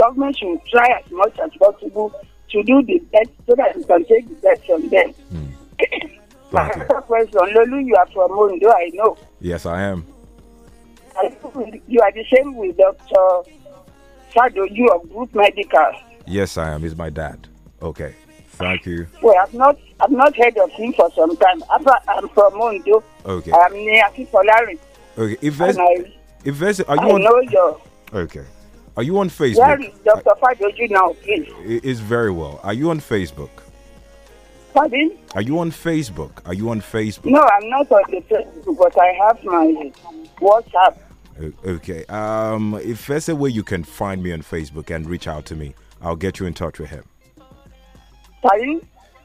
government should try as much as possible to do the best so that we can take the best from them. Mm. question, Lulu, you are from Mundo, I know. Yes, I am. You are the same with Dr. You are Group Medical. Yes, I am. He's my dad. Okay. Thank you. Well, I've not I've not heard of him for some time. I'm from Mundo. Okay. I'm near Afifolari. Okay. If there's, I, if there's, are you I on? know your. Okay. Are you on Facebook? Well, is Dr. Fadoju now, please? It is very well. Are you on Facebook? Pardon? Are you on Facebook? Are you on Facebook? No, I'm not on the Facebook, but I have my WhatsApp. Okay. Um, if there's a way you can find me on Facebook and reach out to me, I'll get you in touch with him. Pardon?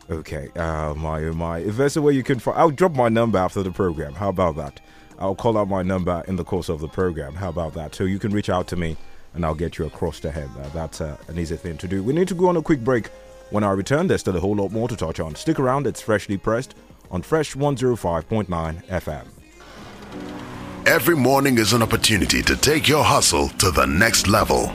Okay. Uh, my, my. If there's a way you can find, I'll drop my number after the program. How about that? I'll call out my number in the course of the program. How about that? So you can reach out to me and I'll get you across to him. Uh, that's uh, an easy thing to do. We need to go on a quick break. When I return, there's still a whole lot more to touch on. Stick around, it's freshly pressed on Fresh 105.9 FM. Every morning is an opportunity to take your hustle to the next level.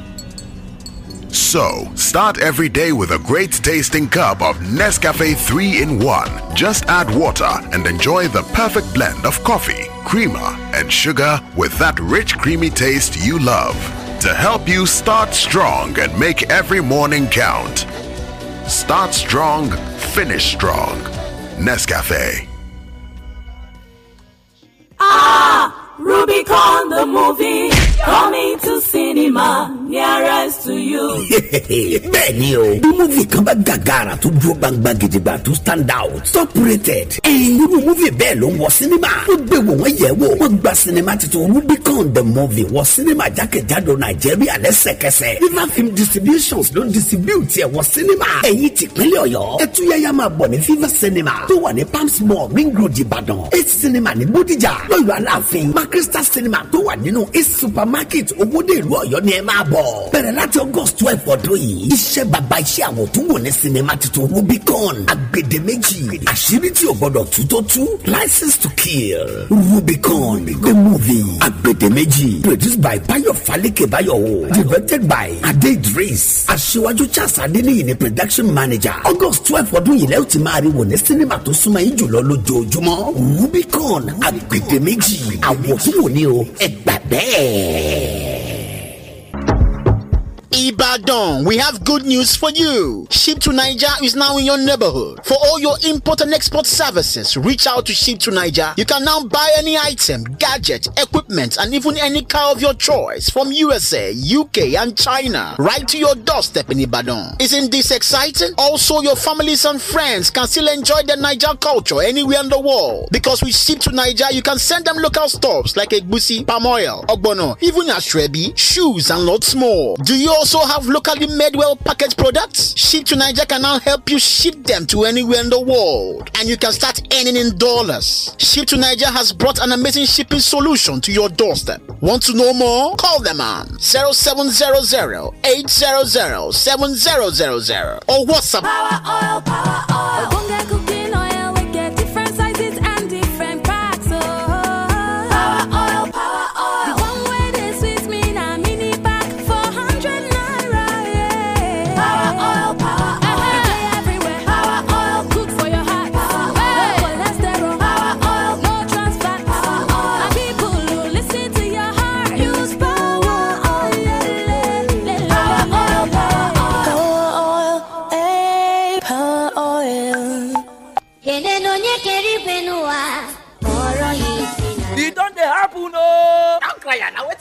So, start every day with a great tasting cup of Nescafe 3 in 1. Just add water and enjoy the perfect blend of coffee, creamer, and sugar with that rich, creamy taste you love to help you start strong and make every morning count. Start strong, finish strong. Nescafe. Ah! Rubicon the movie coming to cinema nearest to you. bẹ́ẹ̀ni o bí múvì kan bá gàgàrà tó dúró gbangba gidigba tó stand out top rated irú múvì bẹ́ẹ̀ ló ń wọ sinima ó gbé wò wọ́n yẹ̀ wò wọ́n gba sinima titun Rubicon the movie wọ sinima jákèjádò Nàìjíríà lẹ́sẹ̀kẹsẹ̀ river film distributions ló ń distribute ẹ̀ wọ sinima ẹ̀yin tìpínlẹ̀ Ọ̀yọ́ ẹtúyẹ́yà máa bọ̀ ní fever cinema tó wà ní palms mall ring road Ìbàdàn eight cinema ní Bódìjà lọ́yọ̀ Aláàfin má crystal cinema tó wà nínú east supermarket owóde ìlú ọ̀yọ́ ni ẹ máa bọ̀. bẹ̀rẹ̀ láti august twelve ọdún yìí iṣẹ́ bàbá iṣẹ́ àwọn tó wò ní cinema titun rubicon agbedeméjì àṣírí tí o gbọdọ̀ tú tó tú license to kill rubicon the movie agbedeméjì produced by bayo falike bayowo directed by ade idris aṣíwájú charles adeniyi ni production manager august twelve ọdún yìí lẹ́yìn tí máa rí wò ní cinema tó súnmọ́ yín jùlọ lójoojúmọ́ rubicon agbedeméjì àwọ̀ tún wò ni o ẹ gbà bẹ́ẹ̀. Ibadan, we have good news for you. Ship to Niger is now in your neighborhood. For all your import and export services, reach out to Ship to Niger. You can now buy any item, gadget, equipment, and even any car of your choice from USA, UK, and China right to your doorstep in Ibadan. Isn't this exciting? Also, your families and friends can still enjoy the Niger culture anywhere in the world. Because with Ship to Niger, you can send them local stores like Egusi, palm oil, ogbono, even ashrebi, shoes, and lots more. Do you? also have locally made well packaged products? Ship to Niger can now help you ship them to anywhere in the world and you can start earning in dollars. Ship to Niger has brought an amazing shipping solution to your doorstep. Want to know more? Call them on 0700 800 7000 or WhatsApp. Power oil, power oil.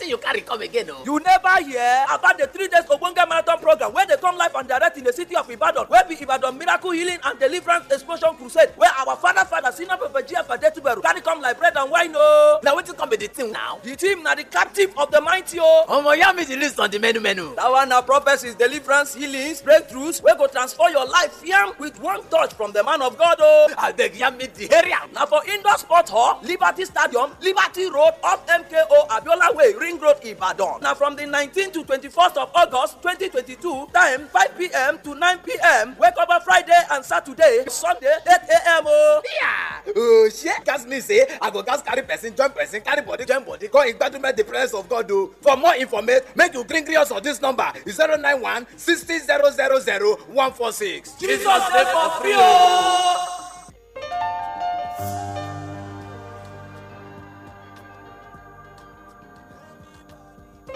think you carry come again o. Oh. you never hear about the three days ogbonge marathon program wey dey come live and direct in the city of ibadan wey be ibadan miracle healing and deliverance explosion crusade wey our father father senior prophet gf adetuberu carry come like bread and wine o. na wetin come be the team now. the team na the captive of the mighty o. Oh. omo yarn me the list on the menu menu. that one na prophecies deliverance healings breakthroughs wey go transform your life yam with one touch from the man of god o. Oh. abeg yarn me the area. na for indoor sports, hall liberty stadium liberty road off mko abiola way ring Ring Road, Ibadan. Na from the 19th to 21st of August 2022, time 5 p.m. to 9 p.m. Wake up on Friday and Saturday, Sunday 8 a.m. yeah! Oh, ṣe cast oh, me say I go cast carry person join person carry body join body Go come igbadume the presence of God Do oh. For more information make you gree gree us on this number zero nine one sixty Jesus dey for free o. All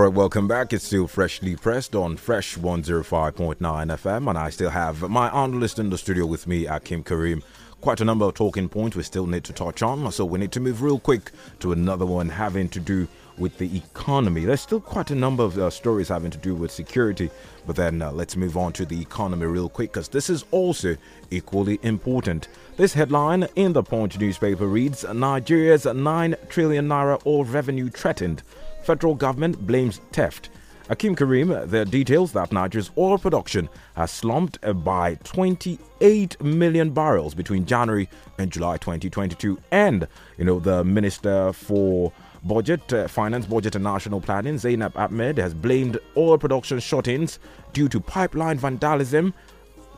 right, welcome back. It's still freshly pressed on Fresh 105.9 FM, and I still have my analyst in the studio with me, Akim Karim quite a number of talking points we still need to touch on, so we need to move real quick to another one having to do with the economy. There's still quite a number of uh, stories having to do with security, but then uh, let's move on to the economy real quick because this is also equally important. This headline in the Punch newspaper reads Nigeria's 9 trillion naira oil revenue threatened. Federal government blames theft Akim Karim there details that Nigeria's oil production has slumped by 28 million barrels between January and July 2022. And, you know, the Minister for Budget, uh, Finance, Budget and National Planning, Zainab Ahmed, has blamed oil production short ins due to pipeline vandalism,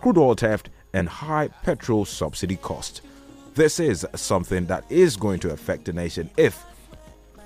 crude oil theft, and high petrol subsidy costs. This is something that is going to affect the nation if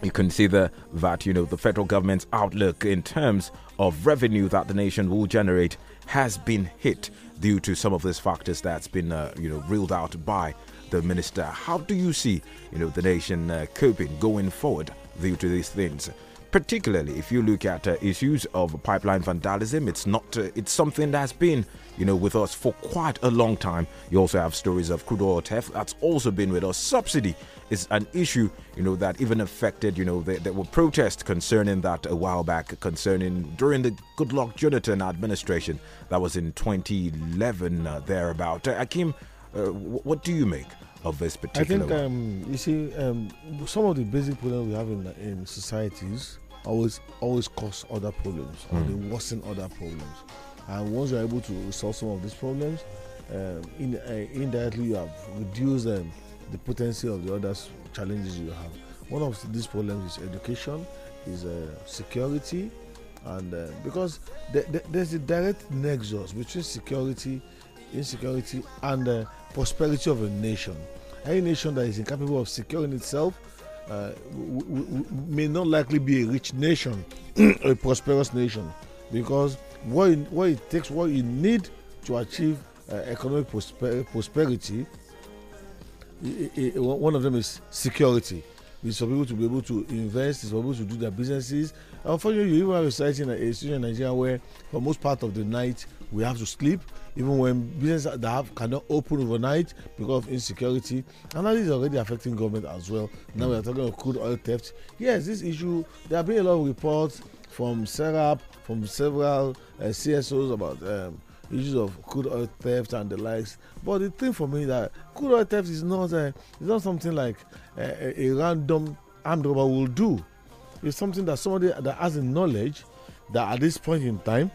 you consider that you know the federal government's outlook in terms of revenue that the nation will generate has been hit due to some of these factors that's been uh, you know reeled out by the minister. How do you see you know the nation uh, coping going forward due to these things? Particularly if you look at uh, issues of pipeline vandalism, it's not uh, it's something that's been you know, with us for quite a long time. You also have stories of crude oil theft that's also been with us. Subsidy is an issue, you know, that even affected, you know, there, there were protests concerning that a while back, concerning during the Goodluck Jonathan administration that was in 2011 uh, thereabout. Uh, Akim, uh, what do you make? Of this particular, I think um, you see um, some of the basic problems we have in, in societies always always cause other problems mm. or they worsen other problems. And once you're able to solve some of these problems, um, in, uh, indirectly you have reduced um, the potency of the other challenges you have. One of these problems is education, is uh, security, and uh, because there's a direct nexus between security, insecurity, and the prosperity of a nation. Any nation that is incapable of securing itself may not likely be a rich nation, a prosperous nation, because what it, what it takes, what you need to achieve uh, economic prosper prosperity. It, it, it, one of them is security. It's for people to be able to invest, it's for people to do their businesses. Unfortunately, you even have a situation in Nigeria where, for most part of the night, we have to sleep, even when businesses that have cannot open overnight because of insecurity. And that is already affecting government as well. Now mm. we are talking of crude oil theft. Yes, this issue, there have been a lot of reports from SERAP from several uh, CSOs about um, issues of crude oil theft and the likes. But the thing for me that crude oil theft is not a, uh, it's not something like a, uh, a random armed robber will do. It's something that somebody that has a knowledge that at this point in time,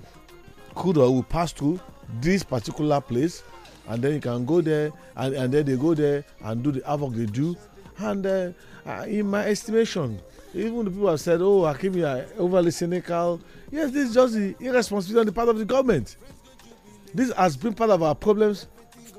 crude oil will pass through this particular place, and then you can go there, and, and then they go there and do the havoc they do. And uh, uh in my estimation, even the people have said, oh, Hakim, you are overly cynical. Yes, this is just the irresponsibility on the part of the government. This has been part of our problems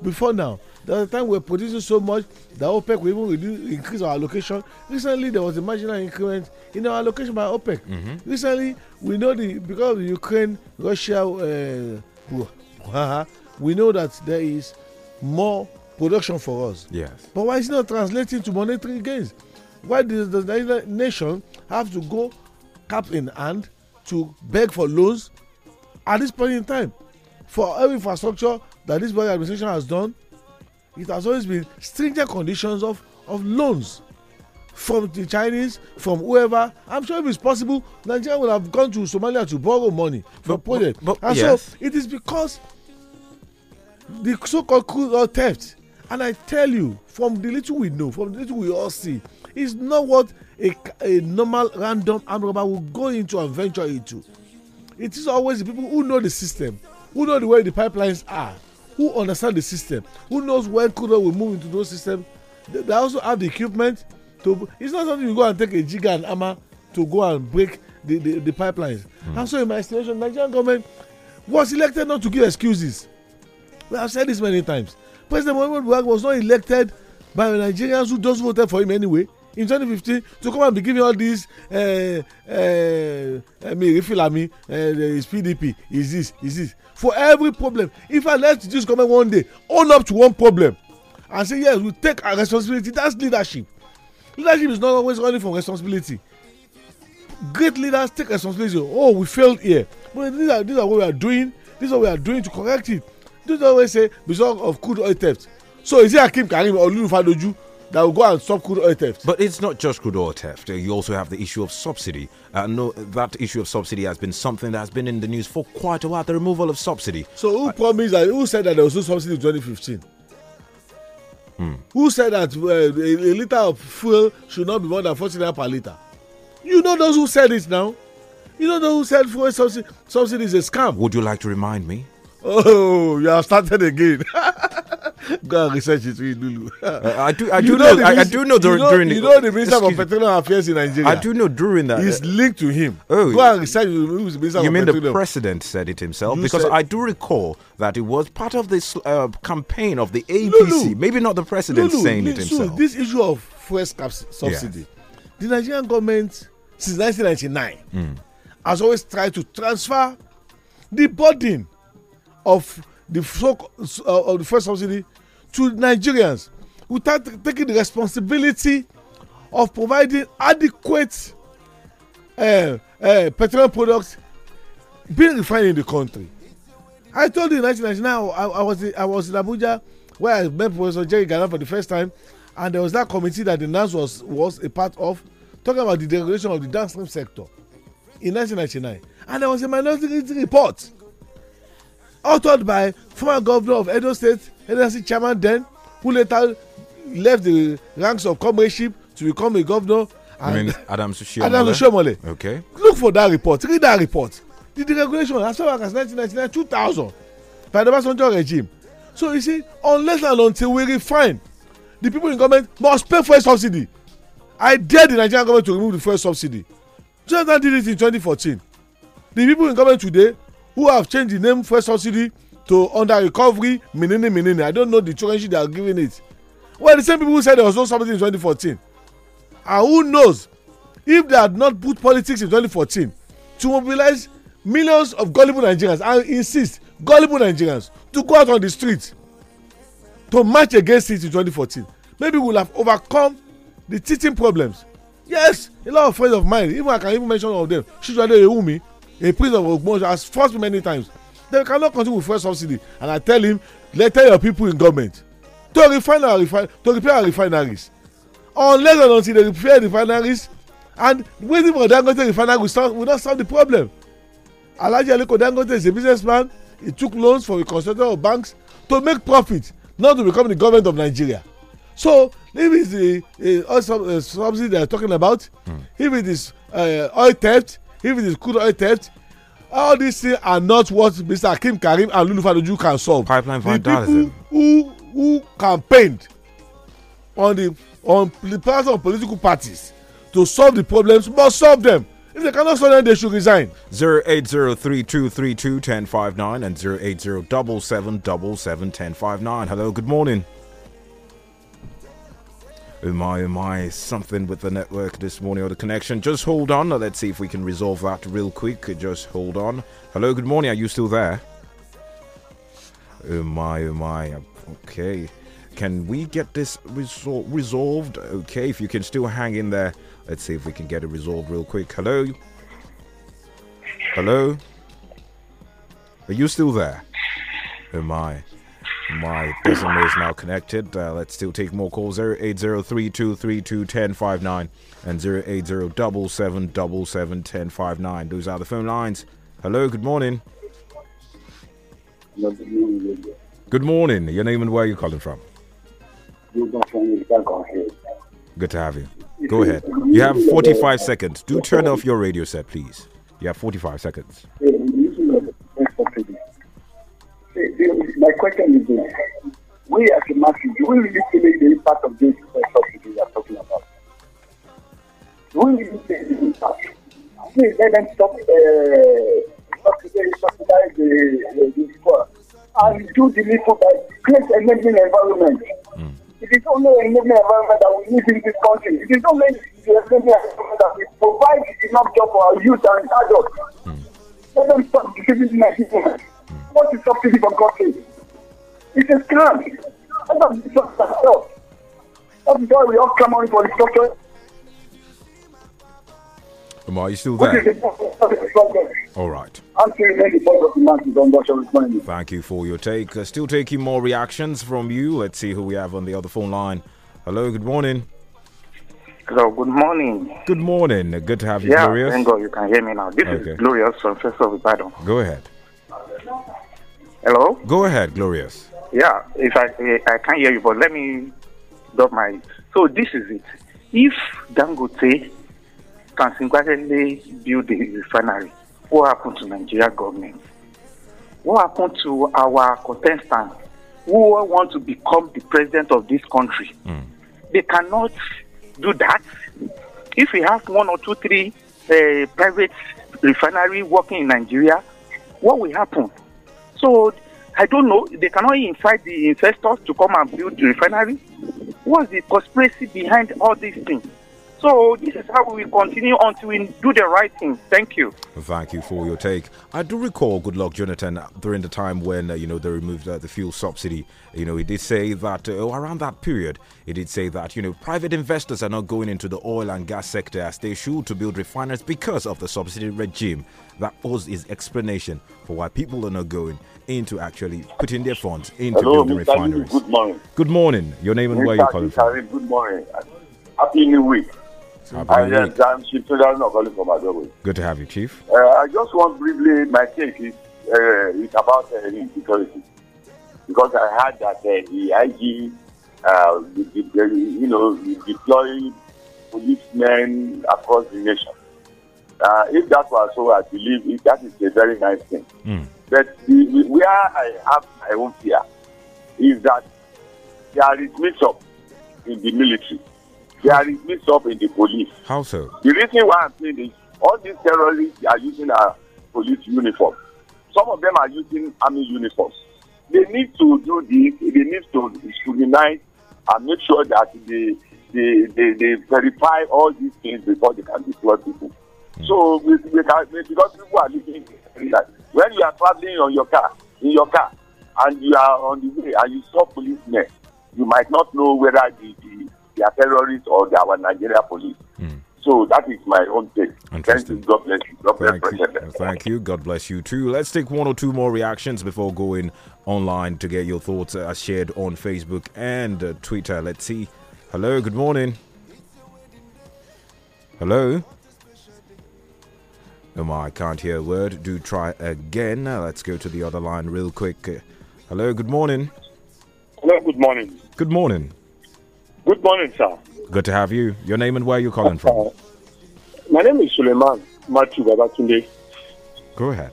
before now. There was a time we were producing so much that OPEC we even reduce, increase our allocation. Recently, there was a marginal increment in our allocation by OPEC. Mm -hmm. Recently, we know the because of the Ukraine Russia, uh, we know that there is more production for us. Yes. But why is it not translating to monetary gains? Why does the nation have to go cap in hand to beg for loans at this point in time? For every infrastructure that this body administration has done, it has always been stringent conditions of, of loans from the chinese from whoever i'm sure if it's possible nigeria would have gone to somalia to borrow money for project but, and yes. so it is because the so-called coup or uh, theft and i tell you from the little we know from the little we all see is not what a, a normal random armed would go into and venture into. It is always the people who know the system, who know the way the pipelines are, who understand the system, who knows when Kudo will move into those systems. They, they also have the equipment to. It's not something you go and take a jigger and hammer to go and break the, the, the pipelines. Mm. And so, in my estimation, Nigerian government was elected not to give excuses. We have said this many times. President Muhammadu Buhari was not elected by Nigerians who just voted for him anyway in 2015 to come and be giving all these uh, uh, I mean, Ifilami uh, is PDP is this is this for every problem If I let this government one day own up to one problem and say yes we take our responsibility that's leadership leadership is not always only from responsibility great leaders take responsibility oh we failed here but these are these are what we are doing this is what we are doing to correct it these always say because of crude oil theft so is it Akim karim or olulufadoju that will go and stop crude oil theft. But it's not just crude oil theft. You also have the issue of subsidy. Uh, no, that issue of subsidy has been something that has been in the news for quite a while. The removal of subsidy. So who I, promised that? Who said that there was no subsidy in 2015? Hmm. Who said that uh, a, a liter of fuel should not be more than 40 naira per liter? You know those who said it now. You know those who said fuel subsidy, subsidy is a scam. Would you like to remind me? Oh, you have started again. Go and research it with Lulu. Uh, I do. I do know. know I, I, do know during, you know, during the. You know the minister of petroleum affairs in Nigeria. I do know during that. It's linked to him. Oh, go and research who's the minister. You mean petroleum. the president said it himself? You because I do recall that it was part of this uh, campaign of the APC. Lulu, maybe not the president Lulu, saying Lulu, it himself. this issue of fuel subsidy, yeah. the Nigerian government since 1999 mm. has always tried to transfer the burden of the so, uh, of the first subsidy to Nigerians without taking the responsibility of providing adequate uh, uh, petroleum products being refined in the country. I told you in 1999 I, I was I was in Abuja where I met Professor Jerry Galan for the first time and there was that committee that the NAS was was a part of talking about the deregulation of the downstream sector in 1999 and there was a minority report authored by former governor of Edo State, NLC chairman then, who later left the ranks of comradeship to become a governor. And I mean Adam Sushiomole. Adam Sushiomole. Okay. Look for that report. Read that report. The deregulation as far as 1999, 2000 by the Obasanjo regime. So you see, unless and until we refine, the people in government must pay for a subsidy. I dare the Nigerian government to remove the first subsidy. Jonathan did it in 2014. The people in government today who have changed the name first subsidy to under recovery minini minini i don't know the currency they are giving it well the same people who said there was no subsidy in 2014 and who knows if they had not put politics in 2014 to mobilize millions of gullible nigerians and insist gullible nigerians to go out on the street to march against it in 2014 maybe we we'll have overcome the teaching problems yes a lot of friends of mine even i can even mention all of them shijuade ewumi a prison of Ogbomosho has forced me many times they cannot continue with fuel subsidy and I tell him let tell your people in government to refine our refine to repair our refineries unless and until they repair refineries and waiting for Dangote refinery will, solve, will not solve the problem Alhaji Aliko Dangote is a businessman he took loans from a consortium of banks to make profit not to become the government of Nigeria so if is the uh, oil sub uh, subsidy they are talking about mm. if it is uh, oil theft if it is crude oil theft all these things are not what mr akim karim and lulu fadoju can solve pipeline for the people who who campaigned on the on the part of political parties to solve the problems must solve them if they cannot solve them they should resign. zero eight zero three two three two ten five nine and zero eight zero double seven double seven ten five nine hello good morning. Oh my, oh my, something with the network this morning or the connection. Just hold on. Let's see if we can resolve that real quick. Just hold on. Hello, good morning. Are you still there? Oh my, oh my. Okay. Can we get this resol resolved? Okay, if you can still hang in there. Let's see if we can get it resolved real quick. Hello? Hello? Are you still there? Oh my. My business is now connected. Uh, let's still take more calls three two ten five nine and 0807771059. Those are the phone lines. Hello, good morning. Good morning. Your name and where are you calling from? Good to have you. Go ahead. You have 45 seconds. Do turn off your radio set, please. You have 45 seconds my question is this. We as a masses, do we really feel the impact of this subsidy we are talking about? Do we really feel the impact? Please let them stop uh, subsidize the, uh, uh, the squad and do the little by create enabling environment. Mm. It is only an enabling environment that we live in this country. It is only the enabling environment that we provide enough job for our youth and adults. Mm. Let them stop giving the want the subsidy from country. It's a scam. And not the sort of That's why we all come on for the structure. Um, are you still there? All right. Thank you for your take. Uh, still taking more reactions from you. Let's see who we have on the other phone line. Hello, good morning. Hello, good morning. Good morning. Good to have you, yeah, Glorious. Thank God you can hear me now. This okay. is Glorious from First of Ibadan. Go ahead. Hello? Go ahead, Glorious. Yeah, if I, eh, I can't hear you, but let me drop my. So this is it. If Dangote can singularly build the refinery, what happened to Nigeria government? What happened to our contestants who want to become the president of this country? Mm. They cannot do that. If we have one or two, three uh, private refinery working in Nigeria, what will happen? So I don't know. They cannot invite the investors to come and build the refinery. What's the conspiracy behind all these things? So this is how we continue until we do the right thing. Thank you. Thank you for your take. I do recall, good luck, Jonathan, during the time when uh, you know they removed uh, the fuel subsidy. You know, he did say that uh, oh, around that period, he did say that you know private investors are not going into the oil and gas sector as they should to build refineries because of the subsidy regime. That was his explanation for why people are not going into actually putting their funds into Hello, building Mr. refineries. Good morning. Good morning. Your name and Mr. where you are calling from? Good morning. Happy New Week and Good to have you, Chief. Uh, I just want briefly, my take is, uh, about uh, Because I heard that uh, the IG, uh, the, the, you know, deploying policemen across the nation. Uh, if that was so, I believe it, that is a very nice thing. Mm. But the, where I have my own fear is that there is mix-up in the military are mixed up in the police. How so? The reason why I'm saying this, all these terrorists are using a police uniform. Some of them are using army uniforms. They need to do this, they need to scrutinize and make sure that they, they, they, they verify all these things before they can deploy people. Hmm. So, we, we can, because people are living like, when you are traveling on your car, in your car, and you are on the way and you saw policemen, you might not know whether the, the they are terrorists or they are Nigeria police. Mm. So that is my own take. Thank you. God bless you. God bless Thank you. Thank you. God bless you too. Let's take one or two more reactions before going online to get your thoughts uh, shared on Facebook and uh, Twitter. Let's see. Hello. Good morning. Hello. my I can't hear a word. Do try again. let's go to the other line real quick. hello. Good morning. Hello. Good morning. Good morning. Good morning, sir. Good to have you. Your name and where you're calling from? Uh, my name is Suleiman Matthew Babatunde. Go ahead.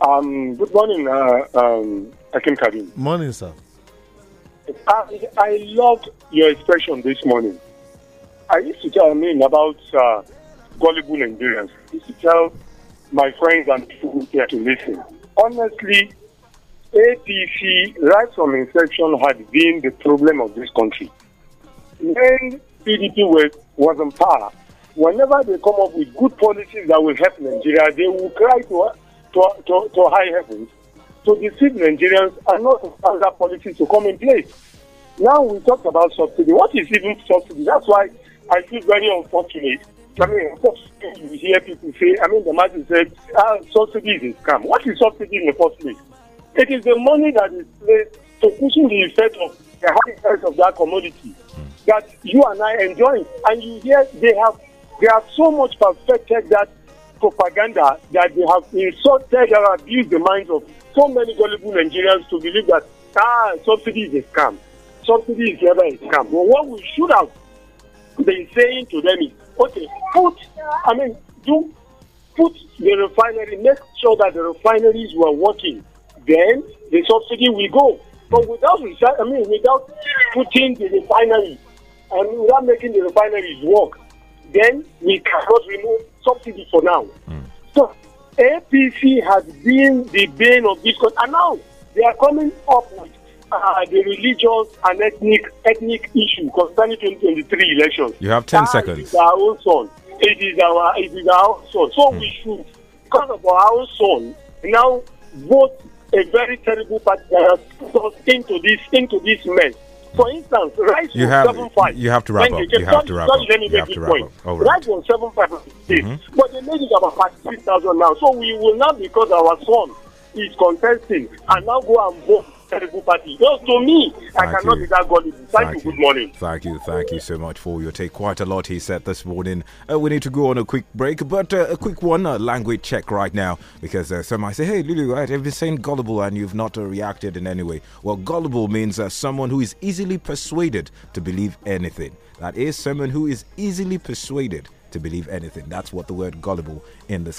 Um, good morning, uh, um, Akim Karim. Morning, sir. I, I loved your expression this morning. I used to tell me about uh, gullible Nigerians. I used to tell my friends and people who care to listen. Honestly, APC, right from inception, had been the problem of this country when PDP was, was in power, whenever they come up with good policies that will help Nigeria, they will cry to, to, to, to high heavens to deceive Nigerians and not allow that policy to come in place. Now we talked about subsidy. What is even subsidy? That's why I feel very unfortunate. I mean, course, you hear people say, I mean, the man said, ah, subsidy is a scam. What is subsidy in the first place? It is the money that is placed to cushion the effect of the high price of that commodity that you and I enjoy. And you hear they have they have so much perfected that propaganda that they have insulted or abused the minds of so many gullible Nigerians to believe that ah subsidy is a scam. Subsidy is never a scam. But what we should have been saying to them is okay, put I mean do put the refinery, make sure that the refineries were working. Then the subsidy will go. But without I mean, without putting the refinery and without making the refineries work, then we cannot remove subsidy for now. So APC has been the bane of this country, and now they are coming up with uh, the religious and ethnic ethnic issue concerning 2023 elections. You have 10 that seconds. It is our own son. It is our it is our own son. So mm. we hmm. should, because of our own son, now vote a very terrible part that uh, has us into this into this mess. For instance, Rice you have, seven five. You have to wrap up. You, you have to wrap up. you have to point. up. Rice was seven five mm-hmm. but they made it about five six thousand now. So we will not because our son is contesting and now go and vote terrible party. Just to me, thank I cannot you. be that gullible. Thank, thank you. Good morning. Thank you. Thank you so much for your take. Quite a lot he said this morning. Uh, we need to go on a quick break, but uh, a quick one, a language check right now, because uh, some might say, hey, Lulu, right, I've been seen gullible and you've not uh, reacted in any way. Well, gullible means uh, someone who is easily persuaded to believe anything. That is someone who is easily persuaded to believe anything. That's what the word gullible in this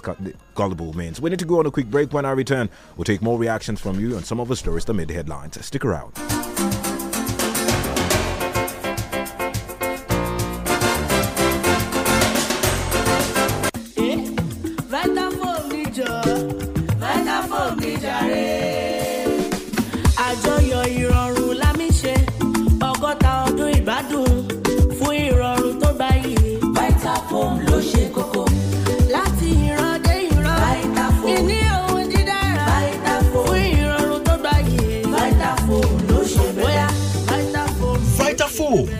gullible means. We need to go on a quick break. When I return, we'll take more reactions from you on some of the stories that made the headlines. Stick around.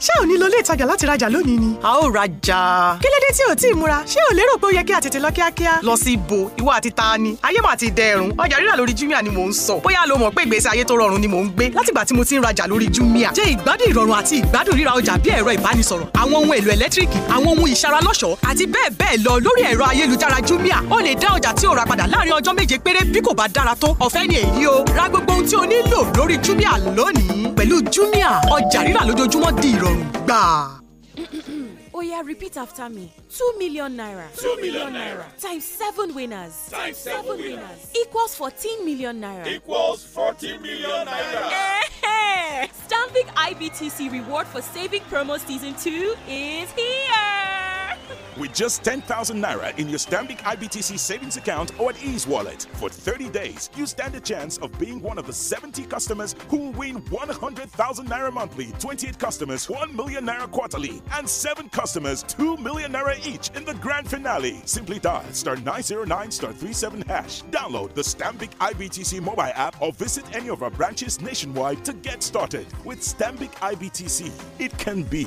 ṣé ò ní lọ ilé ìtajà láti rajà lónìí ni. a ó rajà. kí ló dé tí ò tí ì múra ṣé ò lérò pé ó yẹ kí a tètè lọ kíákíá. lọ sí ibo ìwọ àti ta ni ayé mà ti dẹrùn ọjà rírà lórí Jumia ni mò ń sọ bóyá lo mọ̀ pé ìgbésí ayé tó rọrùn ni mò ń gbé látìgbà tí mo ti ń rajà lórí Jumia. jẹ ìgbádùn ìrọ̀rùn àti ìgbádùn ríra ọjà bí ẹ̀rọ ìbánisọ̀rọ̀ àwọn ohun èlò ẹ̀lẹ́tíríkì àwọn ohun ìṣaralọ́ṣọ̀ọ́ àti bẹ́ẹ̀ bẹ́ẹ̀ lọ lórí ẹ̀rọ Jumia ó lè dá ọjà tí ó ra padà láàrin ọjọ́ méje péré bí kò bá dára tó Jumia lónìí pẹ̀lú Jumia ọjà rírà lójoojúmọ́ di ìrọ̀rùn gbà. Oya, repeat after me. Two million naira. Two million naira. Times seven winners. Times seven, winners. winners. Equals fourteen million naira. Equals fourteen million naira. Stamping IBTC reward for saving promo season two is here. with just 10,000 naira in your Stambik IBTC savings account or at Ease Wallet. For 30 days, you stand a chance of being one of the 70 customers who win 100,000 naira monthly, 28 customers 1 million naira quarterly, and 7 customers 2 million naira each in the grand finale. Simply dial star 909 star 37 hash. Download the Stambik IBTC mobile app or visit any of our branches nationwide to get started. With Stambik IBTC, it can be.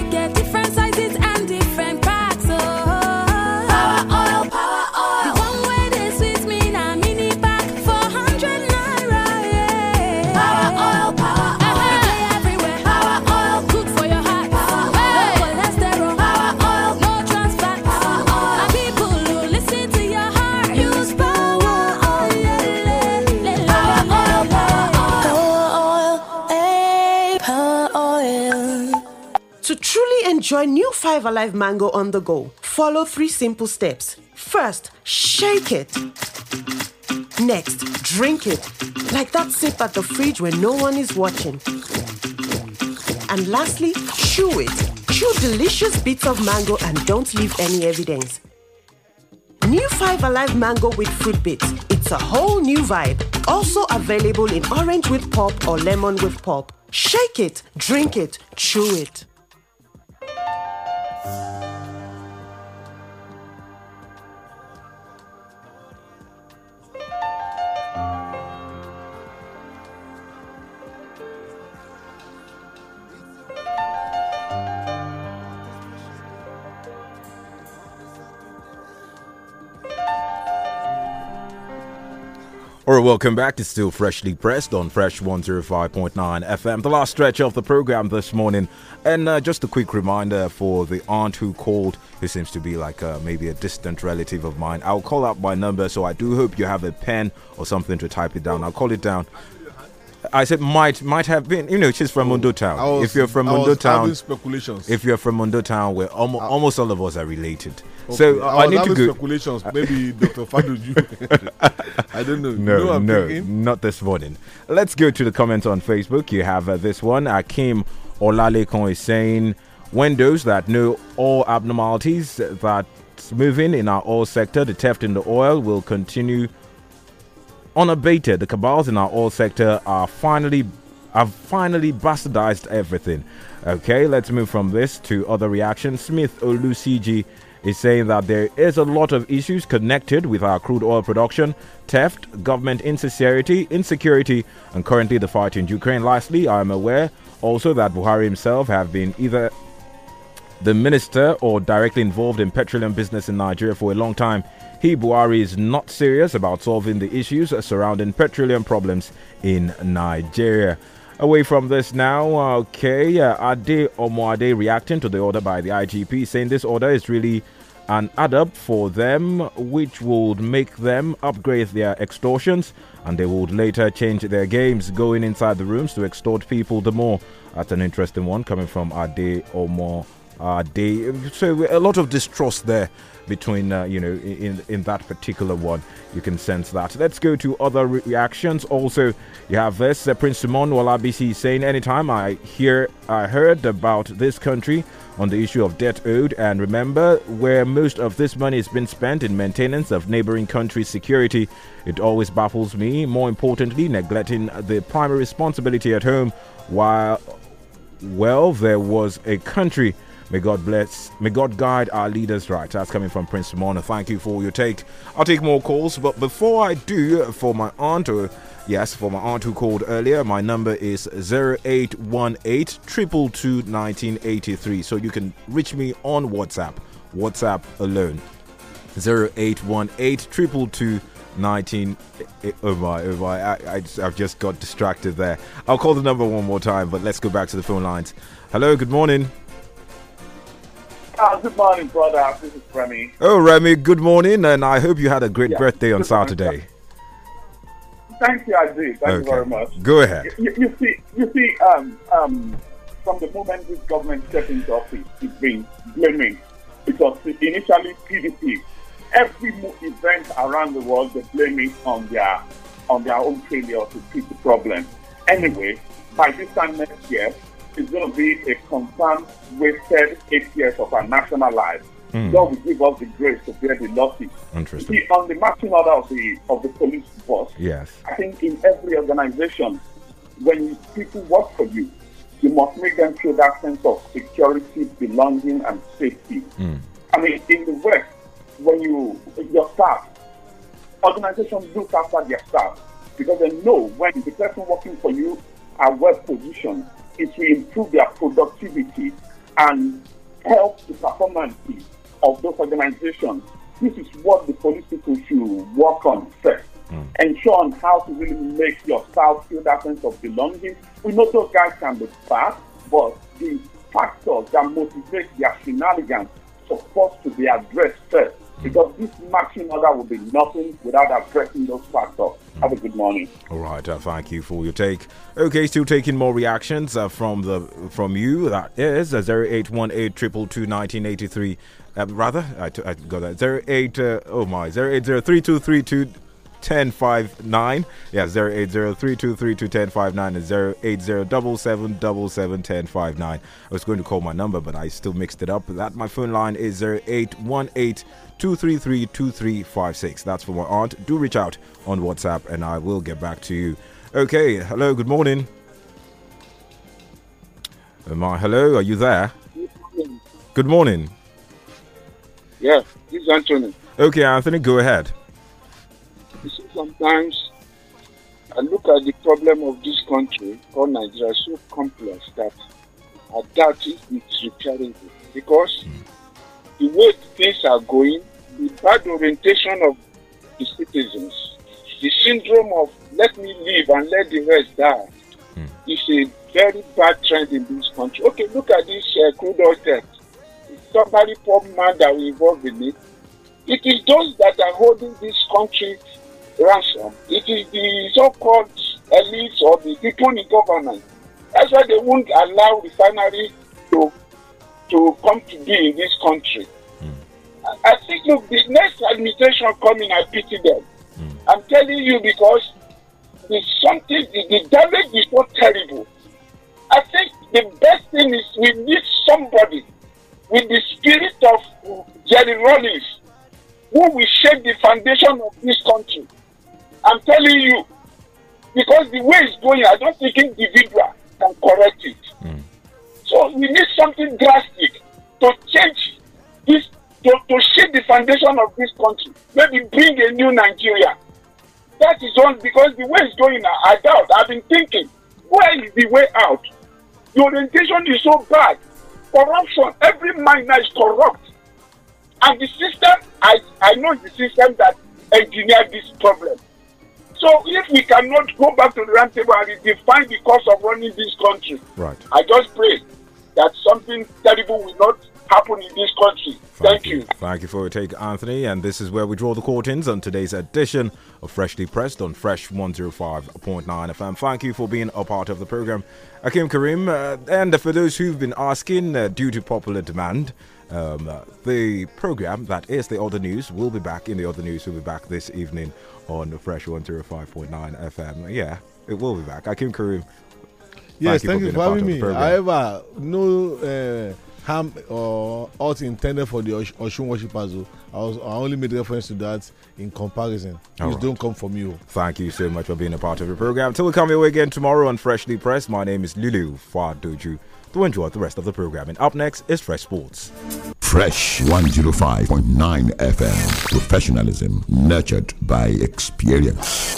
Enjoy new Five Alive mango on the go. Follow three simple steps. First, shake it. Next, drink it. Like that sip at the fridge when no one is watching. And lastly, chew it. Chew delicious bits of mango and don't leave any evidence. New Five Alive Mango with Fruit Bits. It's a whole new vibe. Also available in orange with pop or lemon with pop. Shake it, drink it, chew it. Música Alright, welcome back. It's still freshly pressed on Fresh 105.9 FM. The last stretch of the program this morning. And uh, just a quick reminder for the aunt who called, who seems to be like uh, maybe a distant relative of mine. I'll call out my number, so I do hope you have a pen or something to type it down. I'll call it down. I said might might have been. You know, she's from oh, Mundo Town. Was, if you're from Mondo Town, if you're from Mundo Town, where almost, uh, almost all of us are related. So I, I need to go. speculations. Maybe Dr. Fadoju. I don't know. No, you know no, not this morning. Let's go to the comments on Facebook. You have uh, this one. Akim Olalekan is saying, windows that know all abnormalities that moving in our oil sector, the theft in the oil will continue unabated. The cabals in our oil sector are finally have finally bastardized everything. Okay, let's move from this to other reactions. Smith Olusiji is saying that there is a lot of issues connected with our crude oil production, theft, government insincerity, insecurity, and currently the fight in Ukraine. Lastly, I am aware also that Buhari himself have been either the minister or directly involved in petroleum business in Nigeria for a long time. He Buhari is not serious about solving the issues surrounding petroleum problems in Nigeria. Away from this now, okay, uh, Ade Omoade reacting to the order by the IGP, saying this order is really an add up for them, which would make them upgrade their extortions and they would later change their games, going inside the rooms to extort people the more. That's an interesting one coming from Ade Omo Ade. So, a lot of distrust there between, uh, you know, in, in that particular one. You can sense that. Let's go to other re- reactions. Also, you have this uh, Prince Simon Walabisi saying, Anytime I hear, I heard about this country on the issue of debt owed, and remember where most of this money has been spent in maintenance of neighboring countries' security. It always baffles me, more importantly, neglecting the primary responsibility at home while, well, there was a country May God bless, may God guide our leaders right. That's coming from Prince Simona. Thank you for your take. I'll take more calls, but before I do, for my aunt, or uh, yes, for my aunt who called earlier, my number is 0818 222 1983. So you can reach me on WhatsApp, WhatsApp alone. 0818 222 19 oh my oh my I, I have just got distracted there i'll call the number one more time but let's go back to the phone lines hello good morning Ah, good morning, brother. This is Remy. Oh, Remy, good morning, and I hope you had a great yeah. birthday on Saturday. Thank you, I do. Thank okay. you very much. Go ahead. You, you see, you see, um, um, from the moment this government stepped into office, it's been blaming because initially PDP, every event around the world, they blame it on their on their own failure to fix the problem. Anyway, by this time next year, is going to be a confirmed wasted eight years of our national life. Mm. God will give us the grace to bear the losses. Interesting. See, on the marching order of the of the police force, yes, I think in every organization, when people work for you, you must make them feel that sense of security, belonging, and safety. Mm. I mean, in the West, when you your staff, organizations look after their staff because they know when the person working for you are well positioned it will improve their productivity and help the performance of those organizations. This is what the police people should work on first. Mm. Ensure on how to really make yourself feel that sense of belonging. We know those guys can be bad, but the factors that motivate their shenanigans supposed to be addressed first because this matching order will be nothing without addressing those factors. Have a good morning. All right, uh, thank you for your take. Okay, still taking more reactions uh, from the from you. That is uh, 0818 Uh, rather, I, t- I got that. 08, uh, oh my, 08032232. three two ten five nine. yeah 08032321059 and 08077771059 I was going to call my number but I still mixed it up that my phone line is 0818 233 2356. That's for my aunt. Do reach out on WhatsApp and I will get back to you. Okay, hello, good morning. Am I, hello, are you there? Good morning. Yeah, this is Anthony. Okay, Anthony, go ahead. You see, sometimes I look at the problem of this country called Nigeria so complex that I doubt it is repairable because mm. the way things are going, the bad orientation of the citizens, the syndrome of let me live and let the rest die, mm. is a very bad trend in this country. Okay, look at this uh, crude oil theft. Somebody poor man that we involved in it. It is those that are holding this country ransom. It is the so-called elites or the people in government. That's why they won't allow refinery to to come to be in this country. I think, look, the next administration coming, I pity them. Hmm. I'm telling you because it's something, the, the damage is not terrible. I think the best thing is we need somebody with the spirit of Jerry Rollins who will shape the foundation of this country. I'm telling you, because the way it's going, I don't think individual can correct it. Mm. So we need something drastic to change this to, to shape the foundation of this country, maybe bring a new Nigeria. That is all because the way it's going now, I doubt. I've been thinking, where is the way out? The orientation is so bad. Corruption, every minor is corrupt. And the system, I, I know the system that engineered this problem. So if we cannot go back to the round table and redefine the cost of running this country, right. I just pray that something terrible will not happen in this country. Thank, Thank you. you. Thank you for your take, Anthony. And this is where we draw the curtains on today's edition of Freshly Pressed on Fresh 105.9 FM. Thank you for being a part of the program. Akim Karim, uh, and for those who've been asking, uh, due to popular demand, um, uh, the program that is the other news will be back in the other news. We'll be back this evening on Fresh 105.9 FM. Yeah, it will be back. Akim Karim. Yes, thank you for, thank you for having me. However, uh, no uh, harm or uh, ought intended for the Oshun worshippers. Oh. I, was, I only made reference to that in comparison. Please right. don't come from oh. you. Thank you so much for being a part of the program. Till we come your way again tomorrow on Freshly Pressed, my name is Lulu Fadoju. To enjoy the rest of the program. And up next is Fresh Sports. Fresh 105.9 FM. Professionalism nurtured by experience.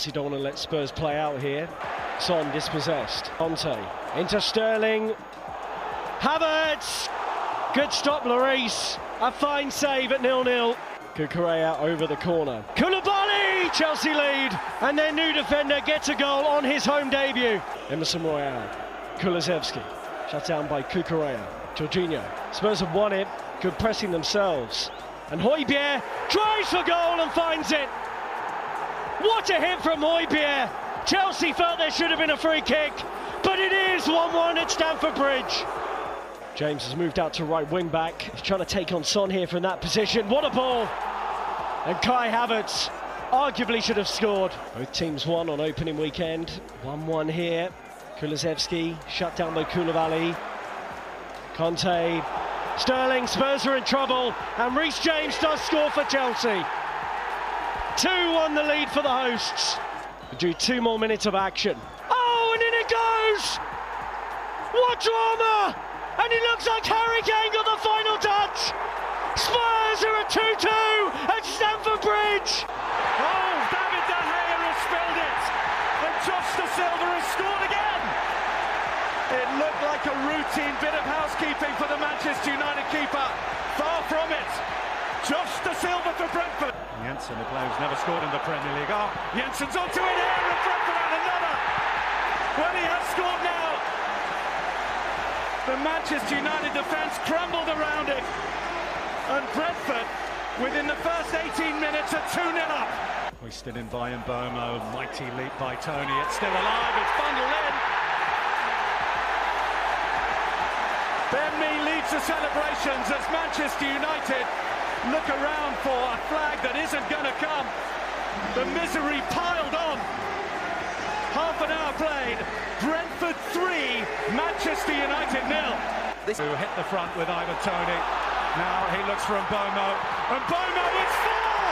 Chelsea don't want to let Spurs play out here. Son dispossessed. Conte into Sterling. Havertz! Good stop, Lloris. A fine save at nil-nil. Kukurea over the corner. Koulibaly! Chelsea lead. And their new defender gets a goal on his home debut. Emerson Royale. Kulizevsky. Shut down by Kukurea. Jorginho. Spurs have won it. Good pressing themselves. And Hoybier tries for goal and finds it. What a hit from Hoybier. Chelsea felt there should have been a free kick, but it is 1-1 at Stamford Bridge. James has moved out to right wing back. He's trying to take on Son here from that position. What a ball! And Kai Havertz arguably should have scored. Both teams won on opening weekend. 1-1 here. Kulusevski shut down by Koulibaly. Conte, Sterling, Spurs are in trouble, and Reece James does score for Chelsea. 2-1 the lead for the hosts. Do two more minutes of action. Oh, and in it goes! What drama! And it looks like Harry Kane got the final touch! Spurs are at 2-2 at Stamford Bridge! Oh, David De Gea has spilled it! And Josh De Silva has scored again! It looked like a routine bit of housekeeping for the Manchester United keeper. Far from it. Josh De Silva for Brentford. Jensen, the player who's never scored in the Premier League. Oh, Jensen's onto it here and another. Well, he has scored now. The Manchester United defence crumbled around it. And Brentford, within the first 18 minutes, are 2 0 up. Hoisted in by Mbomo, mighty leap by Tony. It's still alive, it's bundled in. Ben Mee leads the celebrations as Manchester United look around for a flag that isn't going to come. The misery piled on. Half an hour played. Brentford 3, Manchester United nil. This who hit the front with Ivan Tony. Now he looks for Mbomo. Mbomo, it's four!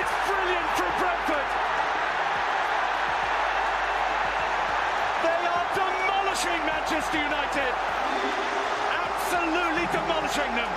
It's brilliant for Brentford. They are demolishing Manchester United. Absolutely demolishing them.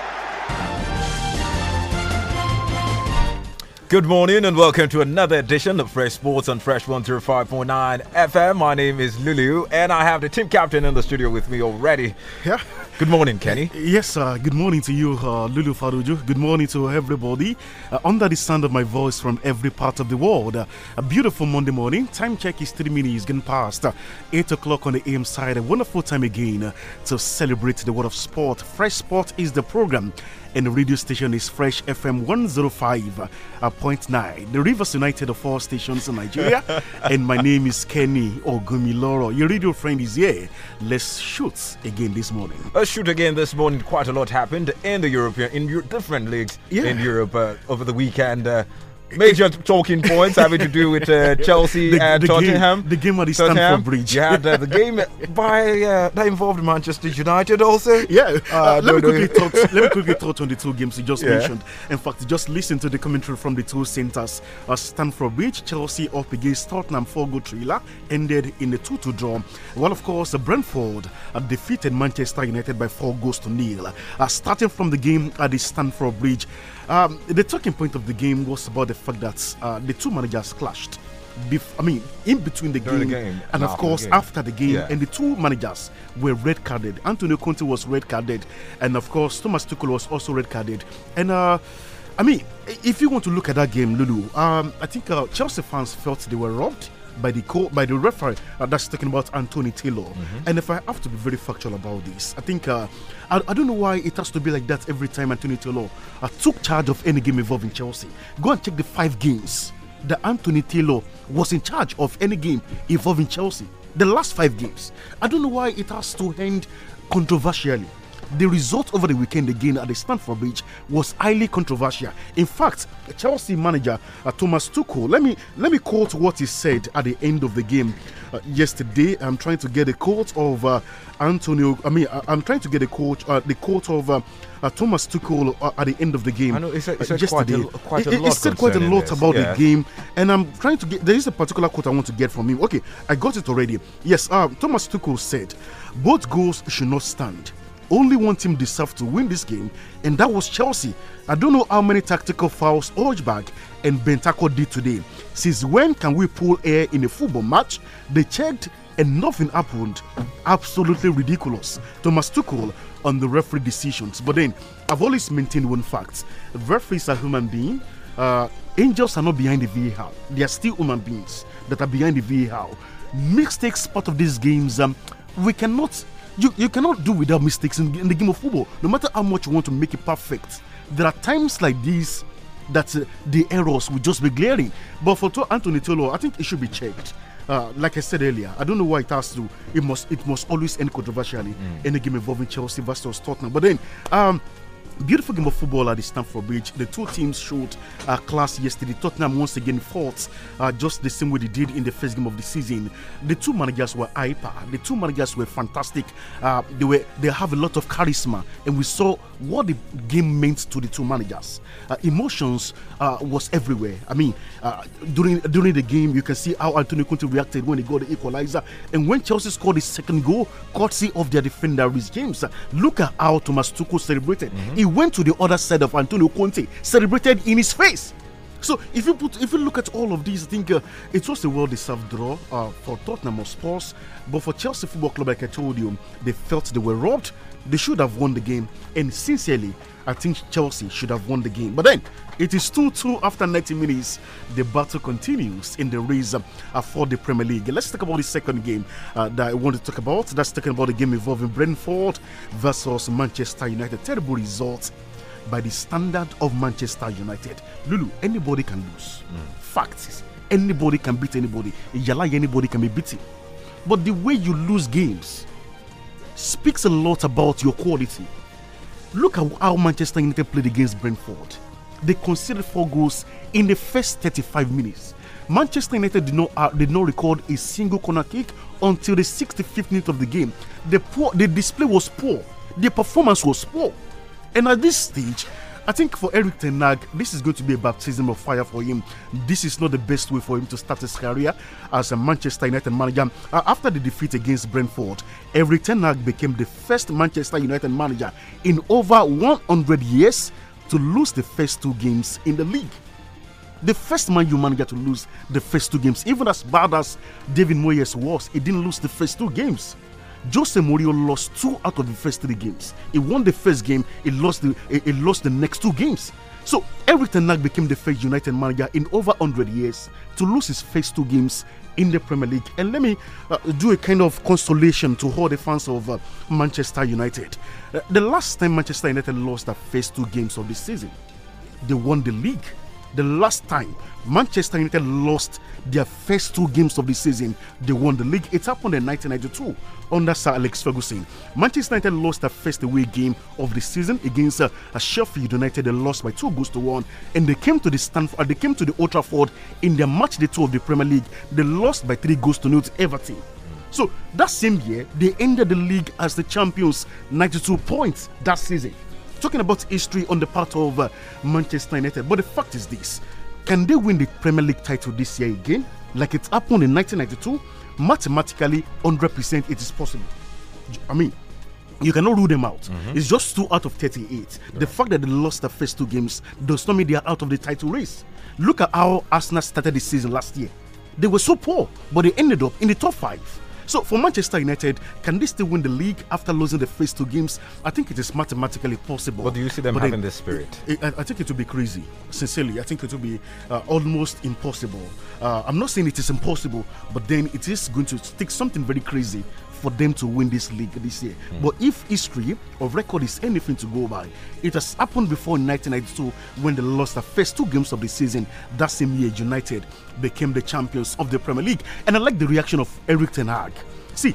Good morning and welcome to another edition of Fresh Sports on Fresh 105.9 FM. My name is Lulu and I have the team captain in the studio with me already. Yeah. Good morning, Kenny. Uh, yes, uh, good morning to you, uh, Lulu Faruju. Good morning to everybody uh, under the sound of my voice from every part of the world. Uh, a beautiful Monday morning. Time check is three minutes getting past uh, 8 o'clock on the AM side. A wonderful time again uh, to celebrate the world of sport. Fresh Sport is the program and the radio station is Fresh FM 105.9. The Rivers United of all stations in Nigeria. and my name is Kenny Ogumiloro. Your radio friend is here. Let's shoot again this morning. Let's shoot again this morning. Quite a lot happened in the European, in different leagues yeah. in Europe uh, over the weekend. Uh, major talking points having to do with uh, Chelsea the, and the Tottenham. Game, the game at the Stamford Bridge. Yeah, uh, the, the game by uh, that involved Manchester United also. Yeah. Uh, let, me quickly talk let me quickly on the two games you just yeah. mentioned. In fact, just listen to the commentary from the two centres. Uh, Stamford Bridge, Chelsea up against Tottenham for good thriller ended in a 2 2 draw. While of course, Brentford uh, defeated Manchester United by 4 goals to nil. Uh, starting from the game at the Stamford Bridge, um, the talking point of the game was about the fact that uh, the two managers clashed. Bef I mean, in between the, game, the game, and of course the after the game, yeah. and the two managers were red carded. Antonio Conte was red carded, and of course Thomas Tuchel was also red carded. And uh, I mean, if you want to look at that game, Lulu, um, I think uh, Chelsea fans felt they were robbed by the co by the referee uh, that's talking about Anthony Taylor. Mm -hmm. And if I have to be very factual about this, I think uh, I, I, don't know why it has to be like that every time Anthony Taylor uh, took charge of any game involving Chelsea. Go and check the five games that Anthony Taylor was in charge of any game involving Chelsea. The last five games. I don't know why it has to end controversially. The result over the weekend again at the Stamford Bridge was highly controversial. In fact, Chelsea manager uh, Thomas Tuchel, let me let me quote what he said at the end of the game uh, yesterday. I'm trying to get a quote of uh, Antonio. I mean, uh, I'm trying to get a quote uh, the quote of. Uh, Thomas Tuchel at the end of the game. yesterday. it, said quite a lot this. about yeah. the game, and I'm trying to get. There is a particular quote I want to get from him. Okay, I got it already. Yes, Thomas Tuchel said, "Both goals should not stand." Only one team deserved to win this game, and that was Chelsea. I don't know how many tactical fouls Orgeback and Bentaco did today. Since when can we pull air in a football match? They checked and nothing happened. Absolutely ridiculous. Thomas Tuchel on the referee decisions. But then, I've always maintained one fact referees are human beings. Uh, angels are not behind the VAR. They are still human beings that are behind the VAR. Mistakes part of these games, um, we cannot you, you cannot do without mistakes in, in, the game of football. No matter how much you want to make it perfect, there are times like these that uh, the errors will just be glaring. But for Anthony Tolo, I think it should be checked. Uh, like I said earlier, I don't know why it has to. It must it must always end controversially mm. in a game involving Chelsea versus Tottenham. But then, um, Beautiful game of football at the Stamford Bridge. The two teams showed uh, class yesterday. Tottenham once again fought uh, just the same way they did in the first game of the season. The two managers were hyper. The two managers were fantastic. Uh, they were they have a lot of charisma, and we saw what the game meant to the two managers. Uh, emotions uh, was everywhere. I mean, uh, during during the game, you can see how Antonio Conte reacted when he got the equalizer, and when Chelsea scored the second goal, courtesy of their defender Rhys James. Uh, look at how Thomas Tuchel celebrated. Mm -hmm. He went to the other side of Antonio Conte, celebrated in his face. So if you put, if you look at all of these, I think uh, it was a well-deserved draw uh, for Tottenham Sports, but for Chelsea Football Club, like I told you, they felt they were robbed. They should have won the game, and sincerely, I think Chelsea should have won the game. But then it is 2 2 after 90 minutes. The battle continues in the race uh, for the Premier League. Let's talk about the second game uh, that I want to talk about. That's talking about the game involving Brentford versus Manchester United. Terrible result by the standard of Manchester United. Lulu, anybody can lose. Mm. Facts. Anybody can beat anybody. Yala, anybody can be beaten. But the way you lose games speaks a lot about your quality. Look at how Manchester United played against Brentford. They conceded four goals in the first 35 minutes. Manchester United did not, uh, did not record a single corner kick until the 65th minute of the game. The poor, the display was poor. The performance was poor. And at this stage, I think for Eric Tenag, this is going to be a baptism of fire for him. This is not the best way for him to start his career as a Manchester United manager. Uh, after the defeat against Brentford, Eric Tenag became the first Manchester United manager in over 100 years to lose the first two games in the league. The first Man you manager to lose the first two games, even as bad as David Moyes was, he didn't lose the first two games. Jose Mourinho lost two out of the first three games. He won the first game, he lost the, he, he lost the next two games. So Eric Ten Hag became the first United manager in over 100 years to lose his first two games in the Premier League. And let me uh, do a kind of consolation to all the fans of uh, Manchester United. Uh, the last time Manchester United lost their first two games of the season, they won the league the last time Manchester United lost their first two games of the season, they won the league. It happened in 1992 under Sir Alex Ferguson. Manchester United lost their first away game of the season against uh, Sheffield United. They lost by two goals to one, and they came to the Stanford. Uh, they came to the Old Trafford in their match day two of the Premier League. They lost by three goals to nil to Everton. So that same year, they ended the league as the champions, 92 points that season talking about history on the part of uh, Manchester United. But the fact is this can they win the Premier League title this year again? Like it happened in 1992? Mathematically, 100% it is possible. I mean, you cannot rule them out. Mm -hmm. It's just two out of 38. Yeah. The fact that they lost the first two games does not mean they are out of the title race. Look at how Arsenal started the season last year. They were so poor, but they ended up in the top five. So for Manchester United, can they still win the league after losing the first two games? I think it is mathematically possible. But do you see them but having the spirit? I think it would be crazy. Sincerely, I think it would be uh, almost impossible. Uh, I'm not saying it is impossible, but then it is going to take something very crazy for them to win this league this year. Mm. But if history of record is anything to go by, it has happened before in 1992 when they lost the first two games of the season. That same year, United became the champions of the Premier League. And I like the reaction of Eric Ten Hag. See,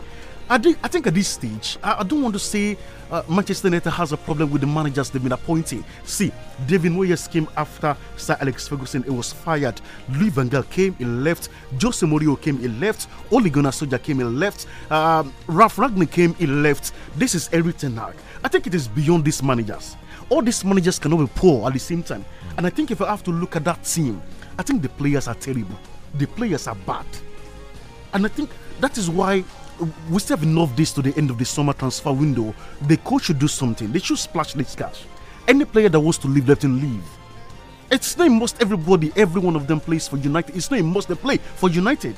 I, do, I think at this stage, I, I don't want to say uh, Manchester United has a problem with the managers they've been appointing. See, David Moyes came after Sir Alex Ferguson. It was fired. Louis Van Gaal came, he left. Jose Mourinho came, he left. Ole Gunnar Solskjaer came, he left. Um, Ralph came, he left. This is everything. I think it is beyond these managers. All these managers cannot be poor at the same time. And I think if I have to look at that team, I think the players are terrible. The players are bad. And I think that is why we still have enough days to the end of the summer transfer window. The coach should do something. They should splash this cash. Any player that wants to leave, let him leave. It's not must everybody, every one of them plays for United. It's not must they play for United.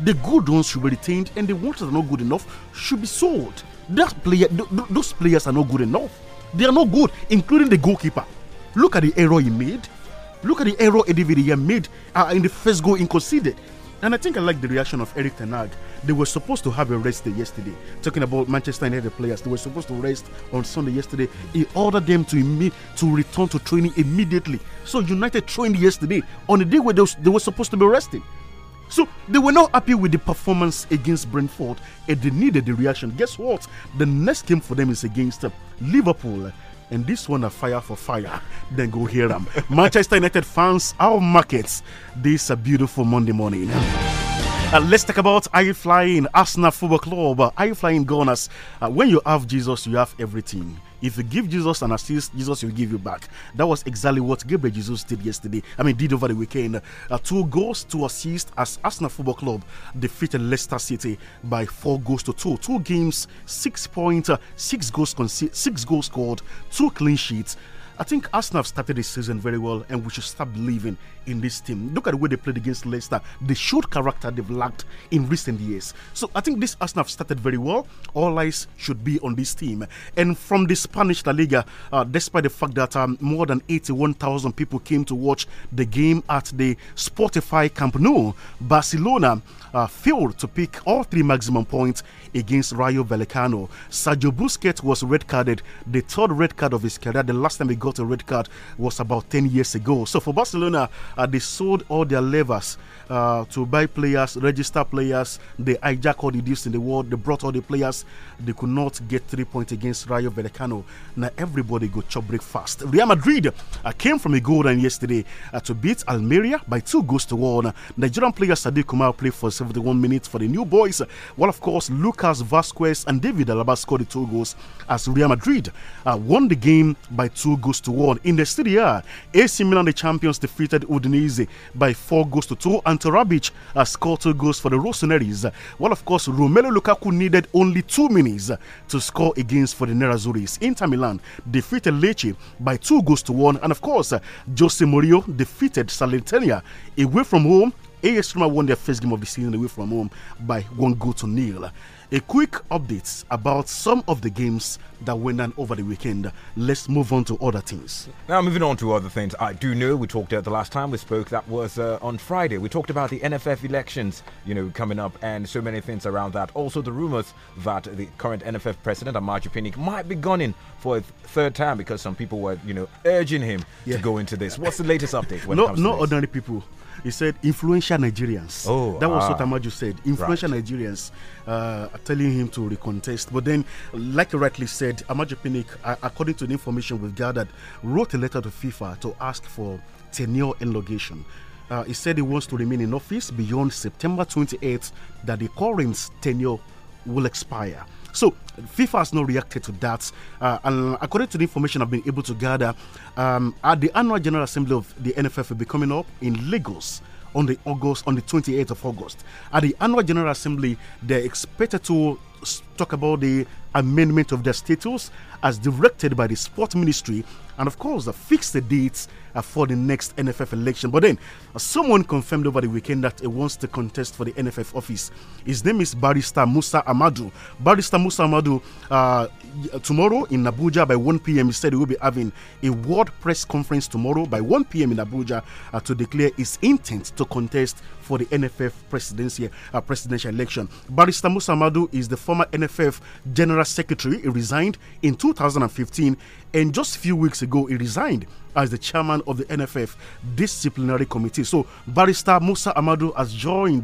The good ones should be retained, and the ones that are not good enough should be sold. That player, th th those players are not good enough. They are not good, including the goalkeeper. Look at the error he made. Look at the error Eddie Villa made uh, in the first goal he conceded. And I think I like the reaction of Eric Tenag. They were supposed to have a rest day yesterday. Talking about Manchester United players, they were supposed to rest on Sunday yesterday. He ordered them to to return to training immediately. So United trained yesterday on the day where they, was, they were supposed to be resting. So they were not happy with the performance against Brentford and they needed the reaction. Guess what? The next game for them is against uh, Liverpool and this one a fire for fire. Then go hear them. Manchester United fans, our markets, this a beautiful Monday morning. Uh, let's talk about Are you Flying Arsenal Football Club. you Flying Gunners. Uh, when you have Jesus, you have everything. If you give Jesus an assist, Jesus will give you back. That was exactly what Gabriel Jesus did yesterday. I mean, did over the weekend. Uh, two goals, two assists as Arsenal Football Club defeated Leicester City by four goals to two. Two games, six points, uh, six goals, six goals scored, two clean sheets. I think Arsenal have started the season very well, and we should start believing in this team. Look at the way they played against Leicester. They showed character they've lacked in recent years. So I think this Arsenal have started very well. All eyes should be on this team. And from the Spanish La Liga, uh, despite the fact that um, more than 81,000 people came to watch the game at the Spotify Camp Nou, Barcelona uh, failed to pick all three maximum points against Rayo Vallecano. Sergio Busquets was red carded, the third red card of his career. The last time he got a red card was about 10 years ago. So for Barcelona, uh, they sold all their levers uh, to buy players, register players. They hijack all the deals in the world. They brought all the players. They could not get three points against Rayo Vallecano. Now everybody go chop breakfast. Real Madrid uh, came from a goal and yesterday uh, to beat Almeria by two goals to one. Nigerian player Sadiq Kumar played for 71 minutes for the new boys. Well, of course, Lucas Vasquez and David Alaba scored the two goals as Real Madrid uh, won the game by two goals to one. In the Serie A, AC Milan, the champions, defeated Udinese by four goals to two and Ante Rabic uh, scored two goals for the Rossoneri's. Well, of course, Romelu Lukaku needed only two minutes to score against for the Nerazzurri's. Inter Milan defeated Lecce by two goals to one. And of course, Jose Mourinho defeated Salernitana away from home AS Roma won their first game of the season away from home by one goal to nil. A quick update about some of the games that went on over the weekend. Let's move on to other things. Now, moving on to other things. I do know we talked uh, the last time we spoke, that was uh, on Friday. We talked about the NFF elections, you know, coming up and so many things around that. Also, the rumors that the current NFF president, Amaji Pinnick, might be gunning for a third time because some people were, you know, urging him yeah. to go into this. What's the latest update? When not ordinary people. He said influential Nigerians. Oh, that was ah, what Amaju said. Influential right. Nigerians uh, telling him to recontest. But then, like you rightly said, Amaju Pinnick, uh, according to the information we've gathered, wrote a letter to FIFA to ask for tenure elongation. Uh, he said he wants to remain in office beyond September 28th, that the current tenure will expire. So FIFA has not reacted to that. Uh, and according to the information I've been able to gather, um, at the annual General Assembly of the NFF will be coming up in Lagos on the August on the 28th of August. At the annual General Assembly, they're expected to talk about the amendment of their status as directed by the Sport Ministry, and of course, the the dates uh, for the next NFF election. But then, uh, someone confirmed over the weekend that he wants to contest for the NFF office. His name is Barrister Musa Amadu. Barrister Musa Amadu, uh, tomorrow in Abuja by 1 p.m., he said he will be having a world press conference tomorrow by 1 p.m. in Abuja uh, to declare his intent to contest for the NFF presidency, uh, presidential election. Barrister Musa Madu is the former NFF general secretary. He resigned in 2015, and just a few weeks ago, he resigned as the chairman of the NFF disciplinary committee. So, Barrister Musa Amadu has joined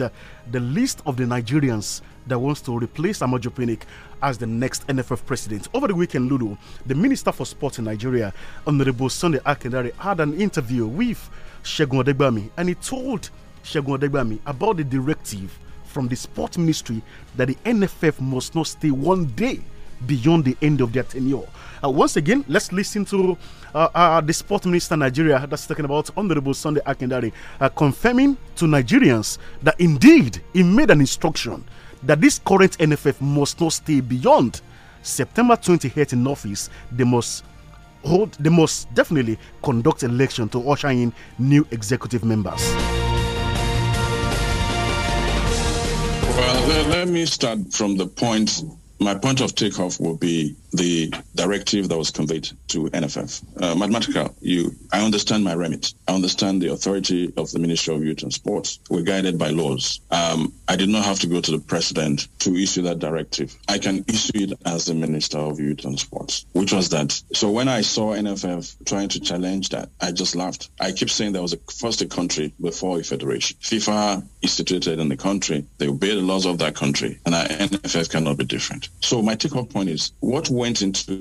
the list of the Nigerians that wants to replace Amaju Pinnick as the next NFF president. Over the weekend, Lulu, the Minister for Sport in Nigeria, Honorable Sunday Akindare, had an interview with Shegun Adegbami and he told Shegun about the directive from the sport ministry that the NFF must not stay one day beyond the end of their tenure. Uh, once again, let's listen to uh, uh, the sport minister Nigeria that's talking about Honorable Sunday Akandari, uh, confirming to Nigerians that indeed he made an instruction that this current NFF must not stay beyond September 28th in office. They must hold, they must definitely conduct election to usher in new executive members. Well, let, me start from the point. My point of takeoff will be the directive that was conveyed to NFF. Uh, Mathematica, you, I understand my remit. I understand the authority of the Ministry of Youth and Sports. We're guided by laws. Um, I did not have to go to the president to issue that directive. I can issue it as the Minister of Youth and Sports, which was that. So when I saw NFF trying to challenge that, I just laughed. I keep saying there was a, first a country before a federation. FIFA instituted in the country. They obey the laws of that country, and our NFF cannot be different. So my take point is what went into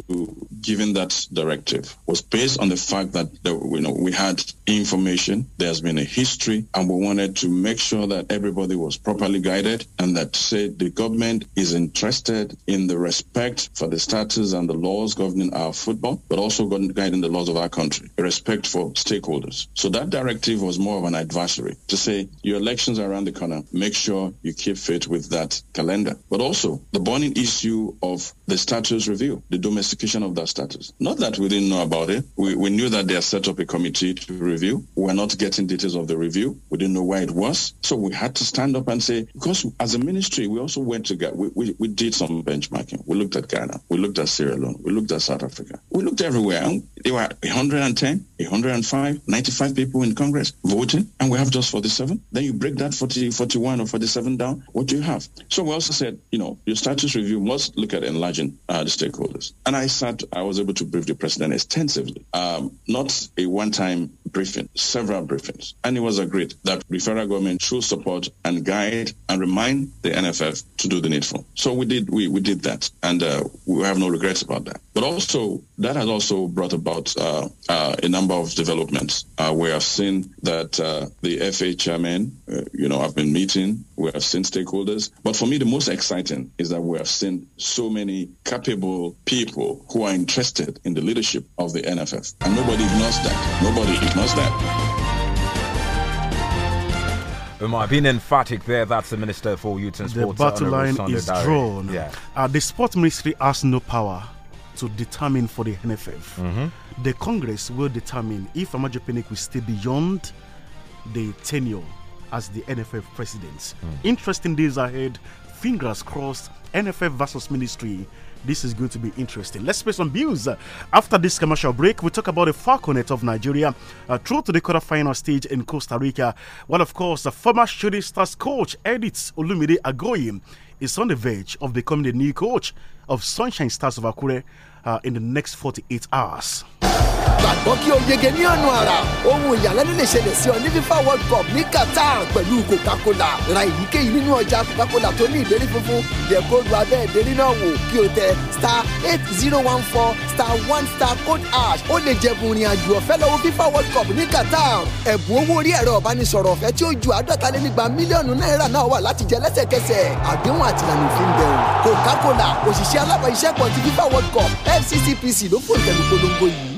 giving that directive was based on the fact that you know we had information, there's been a history, and we wanted to make sure that everybody was properly guided and that said, the government is interested in the respect for the statutes and the laws governing our football, but also guiding the laws of our country, respect for stakeholders. So that directive was more of an advisory to say your elections are around the corner. Make sure you keep fit with that calendar. But also the burning issue of the status review review the domestication of that status. Not that we didn't know about it. We, we knew that they had set up a committee to review. We were not getting details of the review. We didn't know where it was. So we had to stand up and say, because as a ministry, we also went to Ghana. We, we, we did some benchmarking. We looked at Ghana. We looked at Sierra Leone. We looked at South Africa. We looked everywhere. They were 110. 105, 95 people in Congress voting, and we have just 47. Then you break that 40, 41 or 47 down, what do you have? So we also said, you know, your status review must look at enlarging uh, the stakeholders. And I sat, I was able to brief the president extensively, um, not a one-time briefing, several briefings. And it was agreed that the federal government should support and guide and remind the NFF to do the needful. So we did, we, we did that, and uh, we have no regrets about that. But also, that has also brought about uh, uh, a number of developments uh, have seen that uh, the FA chairman, uh, you know, I've been meeting, we have seen stakeholders. But for me, the most exciting is that we have seen so many capable people who are interested in the leadership of the NFF. And nobody ignores that. Nobody ignores that. Umar, being emphatic there, that's the Minister for Youth and Sports. The battle line is drawn. Yeah. Uh, the sports Ministry has no power to determine for the NFF. Mm -hmm. The Congress will determine if Amajepenik will stay beyond the tenure as the NFF president. Mm. Interesting days ahead. Fingers crossed. NFF versus ministry. This is going to be interesting. Let's pay some bills. After this commercial break, we talk about the Falconet of Nigeria uh, through to the quarterfinal stage in Costa Rica. Well, of course, the former shooting stars coach Edith Olumide Agoyim is on the verge of becoming the new coach of Sunshine Stars of Akure uh, in the next 48 hours. gbàgbọ́ kí o yege ní ọ̀nà àrà ohun ìyàlẹ́nu lè ṣẹlẹ̀ sí ọ ní fífa world cup ní qatar pẹ̀lú coca-cola ra èyíkéyìí nínú ọjà coca-cola tó ní ìdérí funfun yẹ kóòdù abẹ́ ìdérí náà wò kí o tẹ star eight zero one four star one star code ash ó lè jẹ̀bùn ìrìn àjò ọ̀fẹ́ lọ́wọ́ fífa world cup ní qatar ẹ̀bùn owó orí ẹ̀rọ ìbánisọ̀rọ̀ ọ̀fẹ́ tí ó ju àádọ́talénígba mílíọ̀nù náírà náà wà láti jẹ lẹ́sẹ̀kẹsẹ̀ àdéhùn àtìlànà òfin bẹ̀rù coca-cola òṣìṣẹ́ alábàáṣiṣẹ́pọ̀ ti fífa world cup fccpc ló fòǹtẹ̀ lù polongo yìí.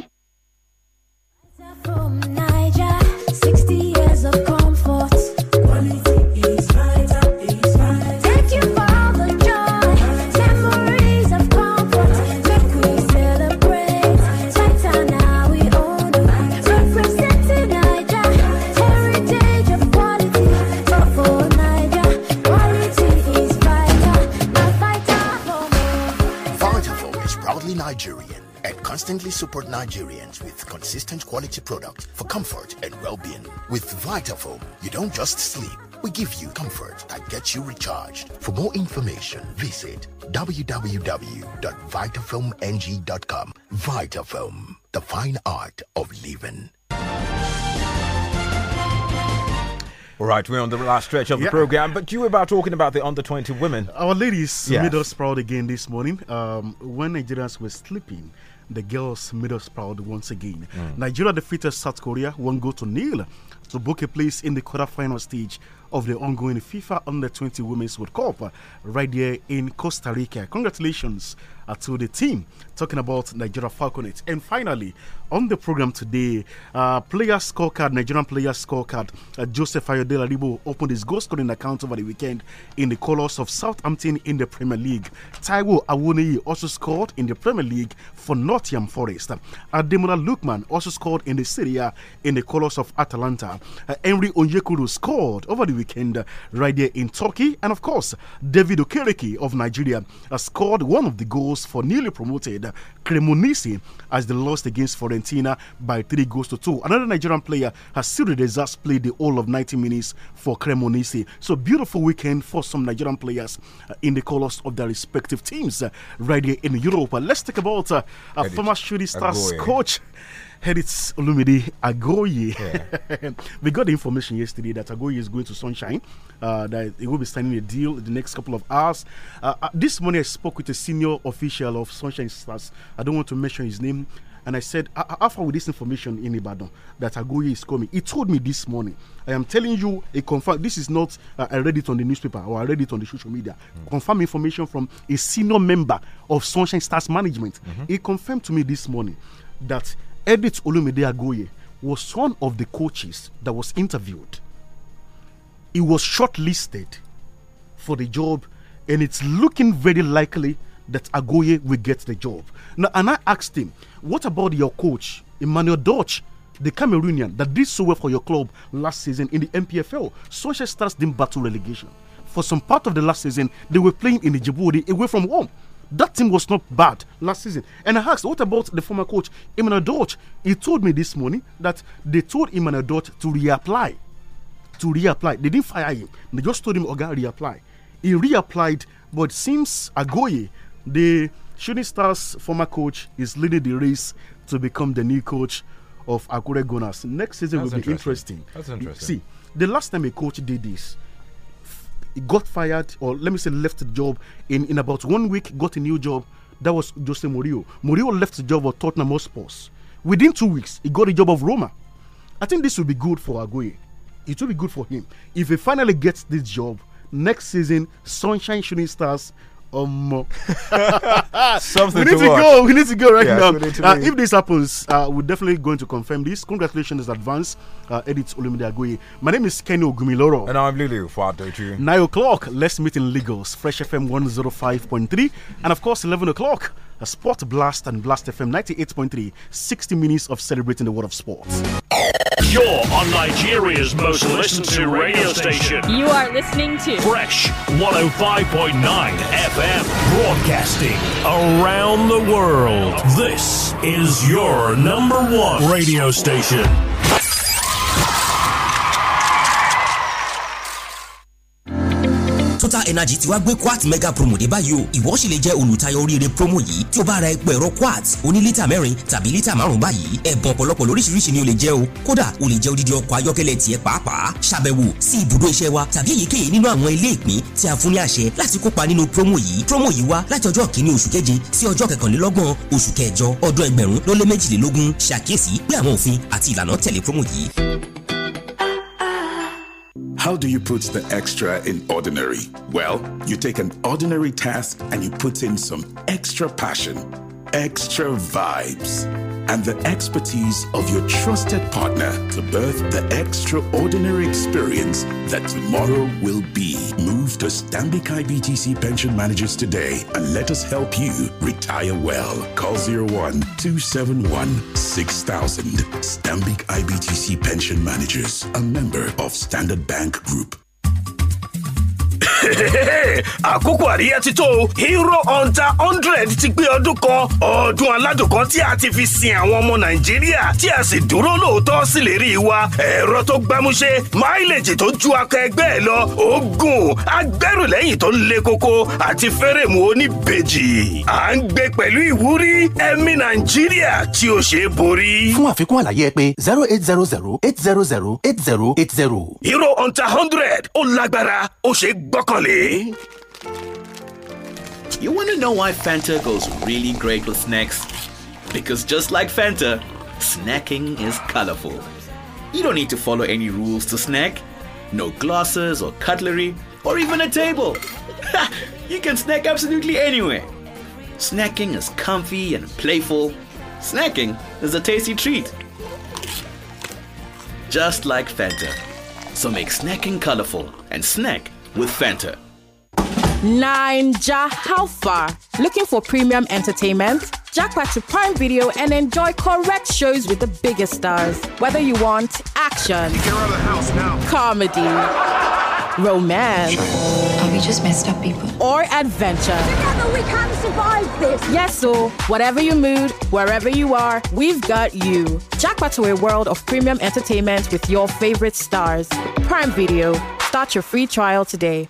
consistently support Nigerians with consistent quality products for comfort and well-being. With VitaFoam, you don't just sleep. We give you comfort that gets you recharged. For more information, visit www.vitafilmng.com. VitaFilm, the fine art of living. All right, we're on the last stretch of the program, but you were about talking about the under 20 women. Our ladies yes. made us proud again this morning. Um, when Nigerians were sleeping, the girls made us proud once again. Mm. Nigeria defeated South Korea one goal to nil to book a place in the quarterfinal stage of the ongoing FIFA Under 20 Women's World Cup right there in Costa Rica. Congratulations to the team talking about Nigeria Falconet. And finally, on the program today. Uh, player scorecard, Nigerian player scorecard, uh, Joseph Ayodele Ribo opened his goal scoring account over the weekend in the colours of Southampton in the Premier League. Taiwo Awoniyi also scored in the Premier League for Nottingham Forest. Ademola Lukman also scored in the Syria in the colours of Atalanta. Uh, Henry Onyekuru scored over the weekend uh, right there in Turkey. And of course, David Okereke of Nigeria uh, scored one of the goals for newly promoted uh, Cremonese as they lost against foreign. Argentina by three goals to two. Another Nigerian player, has Hasiri just played the whole of 90 minutes for Cremonese. So beautiful weekend for some Nigerian players uh, in the colours of their respective teams uh, right here in Europe. let's talk about uh, uh, former Shooting Stars coach. Heritz Olumide Agoye. Yeah. we got the information yesterday that Agoye is going to Sunshine, uh, that he will be signing a deal in the next couple of hours. Uh, uh this morning, I spoke with a senior official of Sunshine Stars. I don't want to mention his name and I said, after with this information in Ibadan that Agoye is coming? He told me this morning. I am telling you a confirm. This is not uh, I read it on the newspaper or I read it on the social media. Mm. Confirm information from a senior member of Sunshine Stars management. Mm -hmm. He confirmed to me this morning that Edith Olumide Agoye was one of the coaches that was interviewed. He was shortlisted for the job, and it's looking very likely that Agoye will get the job. Now, and I asked him, what about your coach, Emmanuel Dodge? the Cameroonian that did so well for your club last season in the MPFL. Stars didn't battle relegation. For some part of the last season, they were playing in the Djibouti away from home. That team was not bad last season. And I asked, what about the former coach, Emmanuel Dodge? He told me this morning that they told Emmanuel Dodge to reapply. To reapply. They didn't fire him. They just told him, Oga, reapply. He reapplied, but since Agoye the Shooting Stars former coach is leading the race to become the new coach of Akure Gunas. Next season That's will be interesting. That's interesting. See, the last time a coach did this, he got fired, or let me say, left the job in, in about one week, got a new job. That was Jose Murillo. Murillo left the job of Tottenham Hotspurs. Within two weeks, he got the job of Roma. I think this will be good for Agui. It will be good for him. If he finally gets this job, next season, Sunshine Shooting Stars um, something. We need to, to go. We need to go right yeah, now. Uh, if this happens, uh, we're definitely going to confirm this. Congratulations advance, uh, Edith Olumide My name is Kenny Ogumiloro, and I'm Lulu Fadoju. Nine o'clock. Let's meet in Lagos, Fresh FM one zero oh five point three, and of course eleven o'clock a Sport Blast and Blast FM 98.3, 60 minutes of celebrating the world of sports. You're on Nigeria's most listened to radio station. You are listening to Fresh 105.9 FM, broadcasting around the world. This is your number one radio station. total energy ti wá gbé quartz mega promo dé báyìí o ìwọ sì lè jẹ́ olùtayọ oríire promo yìí tí o bá ra epo ẹ̀rọ quartz oní lítà mẹ́rin tàbí lítà márùn báyìí ẹ̀bùn ọ̀pọ̀lọpọ̀ lóríṣiríṣi ni o lè jẹ́ o kódà o lè jẹ́ odidi ọkọ̀ ayọ́kẹ́lẹ́ tiẹ̀ pàápàá ṣàbẹ̀wò sí ibùdó iṣẹ́ wa tàbí èyíkéyìí nínú àwọn ilé ìpín tí a fún ní àṣẹ láti kópa nínú promo yìí promo yìí wá láti ọjọ́ kìíní oṣù keje sí ọjọ́ kẹkànlélọ́gbọ̀n oṣù kẹjọ ọdún ẹgbẹ̀rún ló lé méjìlélógún ṣàkíyèsí pé àwọn òfin àti ìlànà tẹ̀lé promo yìí. How do you put the extra in ordinary? Well, you take an ordinary task and you put in some extra passion extra vibes and the expertise of your trusted partner to birth the extraordinary experience that tomorrow will be. Move to Stanbic IBTC Pension Managers today and let us help you retire well. Call 01 271 6000. Stanbic IBTC Pension Managers, a member of Standard Bank Group. àkókò àríyá ti hero hunter hundred ti gbé ọdún kan ọdún aládùn kan tí a ti fi sin àwọn ọmọ nàìjíríà tí a sì dúró lóòótọ́ sí lè rí wa ẹ̀rọ tó gbámúṣé máìlèjì tó ju akọ ẹgbẹ́ ẹ lọ oògùn agbẹ́rùlẹ́yìn tó ń le koko àti fẹ́rẹ̀mù oníbejì à ń gbé pẹ̀lú ìwúrí ẹ̀mí nàìjíríà tí ó ṣe é borí. fún àfikún àlàyé ẹ pé zero eight zero zero eight zero zero eight zero eight zero. hero hunter hundred ó lágbára ó ṣe é gbọ́kàn. broccoli? You want to know why Fanta goes really great with snacks? Because just like Fanta, snacking is colorful. You don't need to follow any rules to snack. No glasses or cutlery or even a table. you can snack absolutely anywhere. Snacking is comfy and playful. Snacking is a tasty treat. Just like Fanta. So make snacking colorful and snack with Fanta. Ninja, how far? Looking for premium entertainment? Jackpot to Prime Video and enjoy correct shows with the biggest stars. Whether you want action, comedy, romance, have oh, you just messed up people? Or adventure. Together we can survive this. Yes, so whatever your mood, wherever you are, we've got you. Jackpot to a world of premium entertainment with your favorite stars. Prime Video. Start your free trial today.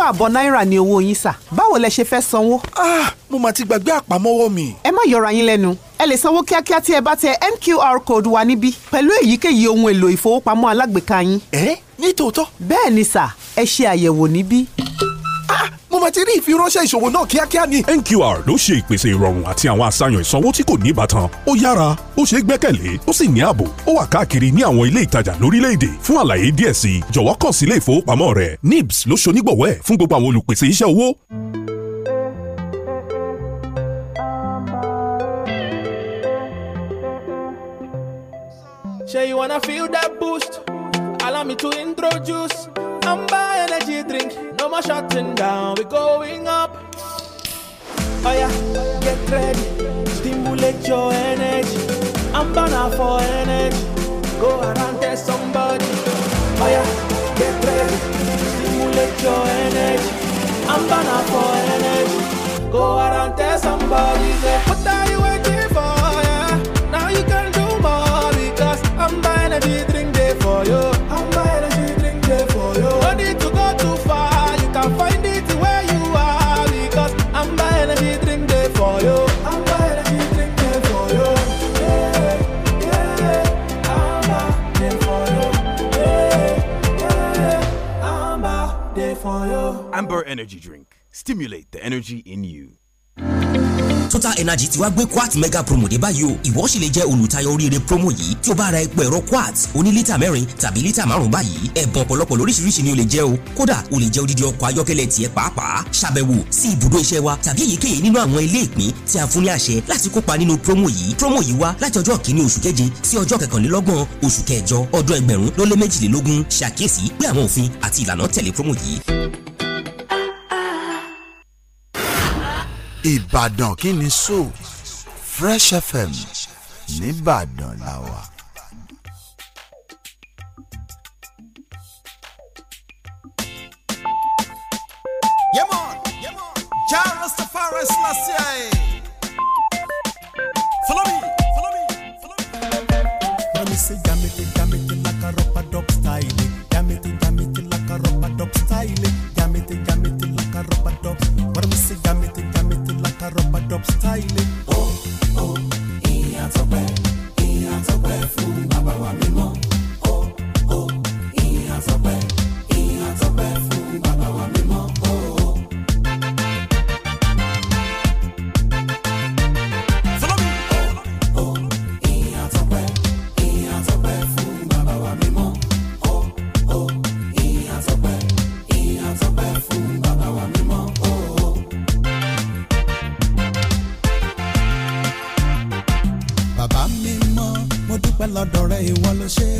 mẹ́fà àbọ̀ náírà ni owó yín sà báwo lẹ ṣe fẹ́ sanwó. ah mo mà ti gbàgbé àpamọ́wọ́ mi. ẹ má yọra yín lẹ́nu ẹ lè sanwó kíákíá tí ẹ bá tẹ mqr code wa níbí pẹ̀lú èyíkéyìí ohun èlò ìfowópamọ́ alágbèéká yín. ẹ ní tòótọ́. bẹ́ẹ̀ ni sà ẹ ṣe àyẹ̀wò níbí máa ti rí ìfiránṣẹ́ ìṣòwò náà kíákíá ni. NQR ló ṣe ìpèsè ìrọ̀rùn àti àwọn àṣàyàn ìsanwó tí kò ní ìbátan ó yára ó ṣe é gbẹ́kẹ̀lé ó sì ní ààbò ó wà káàkiri ní àwọn ilé ìtajà lórílẹ̀‐èdè fún àlàyé díẹ̀ sí jọ̀wọ́ kàn sí ilé ìfowópamọ́ rẹ NIBS ló ṣonígbọ̀wọ́ ẹ̀ fún gbogbo àwọn olùpèsè iṣẹ́ owó. Say you wanna feel that boost? Allow me to introduce number energy drink. No more shutting down, we are going up. Oh yeah, get ready, stimulate your energy. I'm banner for energy. Go around tell somebody. Oh yeah, get ready, stimulate your energy. I'm banner for energy. Go around tell somebody. Say, Amber Energy Drink. Stimulate the energy in you. Total Energy ti wá gbé Quat mega promo dé báyìí o ìwọ sì lè jẹ́ olùtayọ oríire promo yìí tí o bá ra epo ẹ̀rọ Quat oní lítà mẹ́rin tàbí lítà márùn-ún báyìí ẹ̀bùn ọ̀pọ̀lọpọ̀ lóríṣiríṣi ni o lè jẹ́ o kódà o lè jẹ́ odidi ọkọ̀ ayọ́kẹ́lẹ́ tiẹ̀ pàápàá ṣàbẹ̀wò sí ibùdó iṣẹ́ wa tàbí èyíkéyìí nínú àwọn ilé ìpín tí a fún ní àṣẹ láti kópa nínú promo yìí promo yìí wá láti ọjọ́ kìíní oṣù keje sí ọjọ́ kẹkànlélọ́gbọ̀n oṣù kẹjọ ọdún ẹgbẹ̀rún ló lé méjìlélógún ṣàkíyèsí pé àwọn òfin àti promo yìí. Ìbàdàn kí ni so Fresh FM nìbàdàn la wà. Rastafari Selassie. Eh. Follow me, follow me, follow me. Let me say, damn it, damn it, like a rubber duck style. Damn it, damn it, like a rubber duck style. mad up styling. Oh, oh, ó ó ìyá tọpẹ́ ìyá tọpẹ́ fún bàbá wa shit.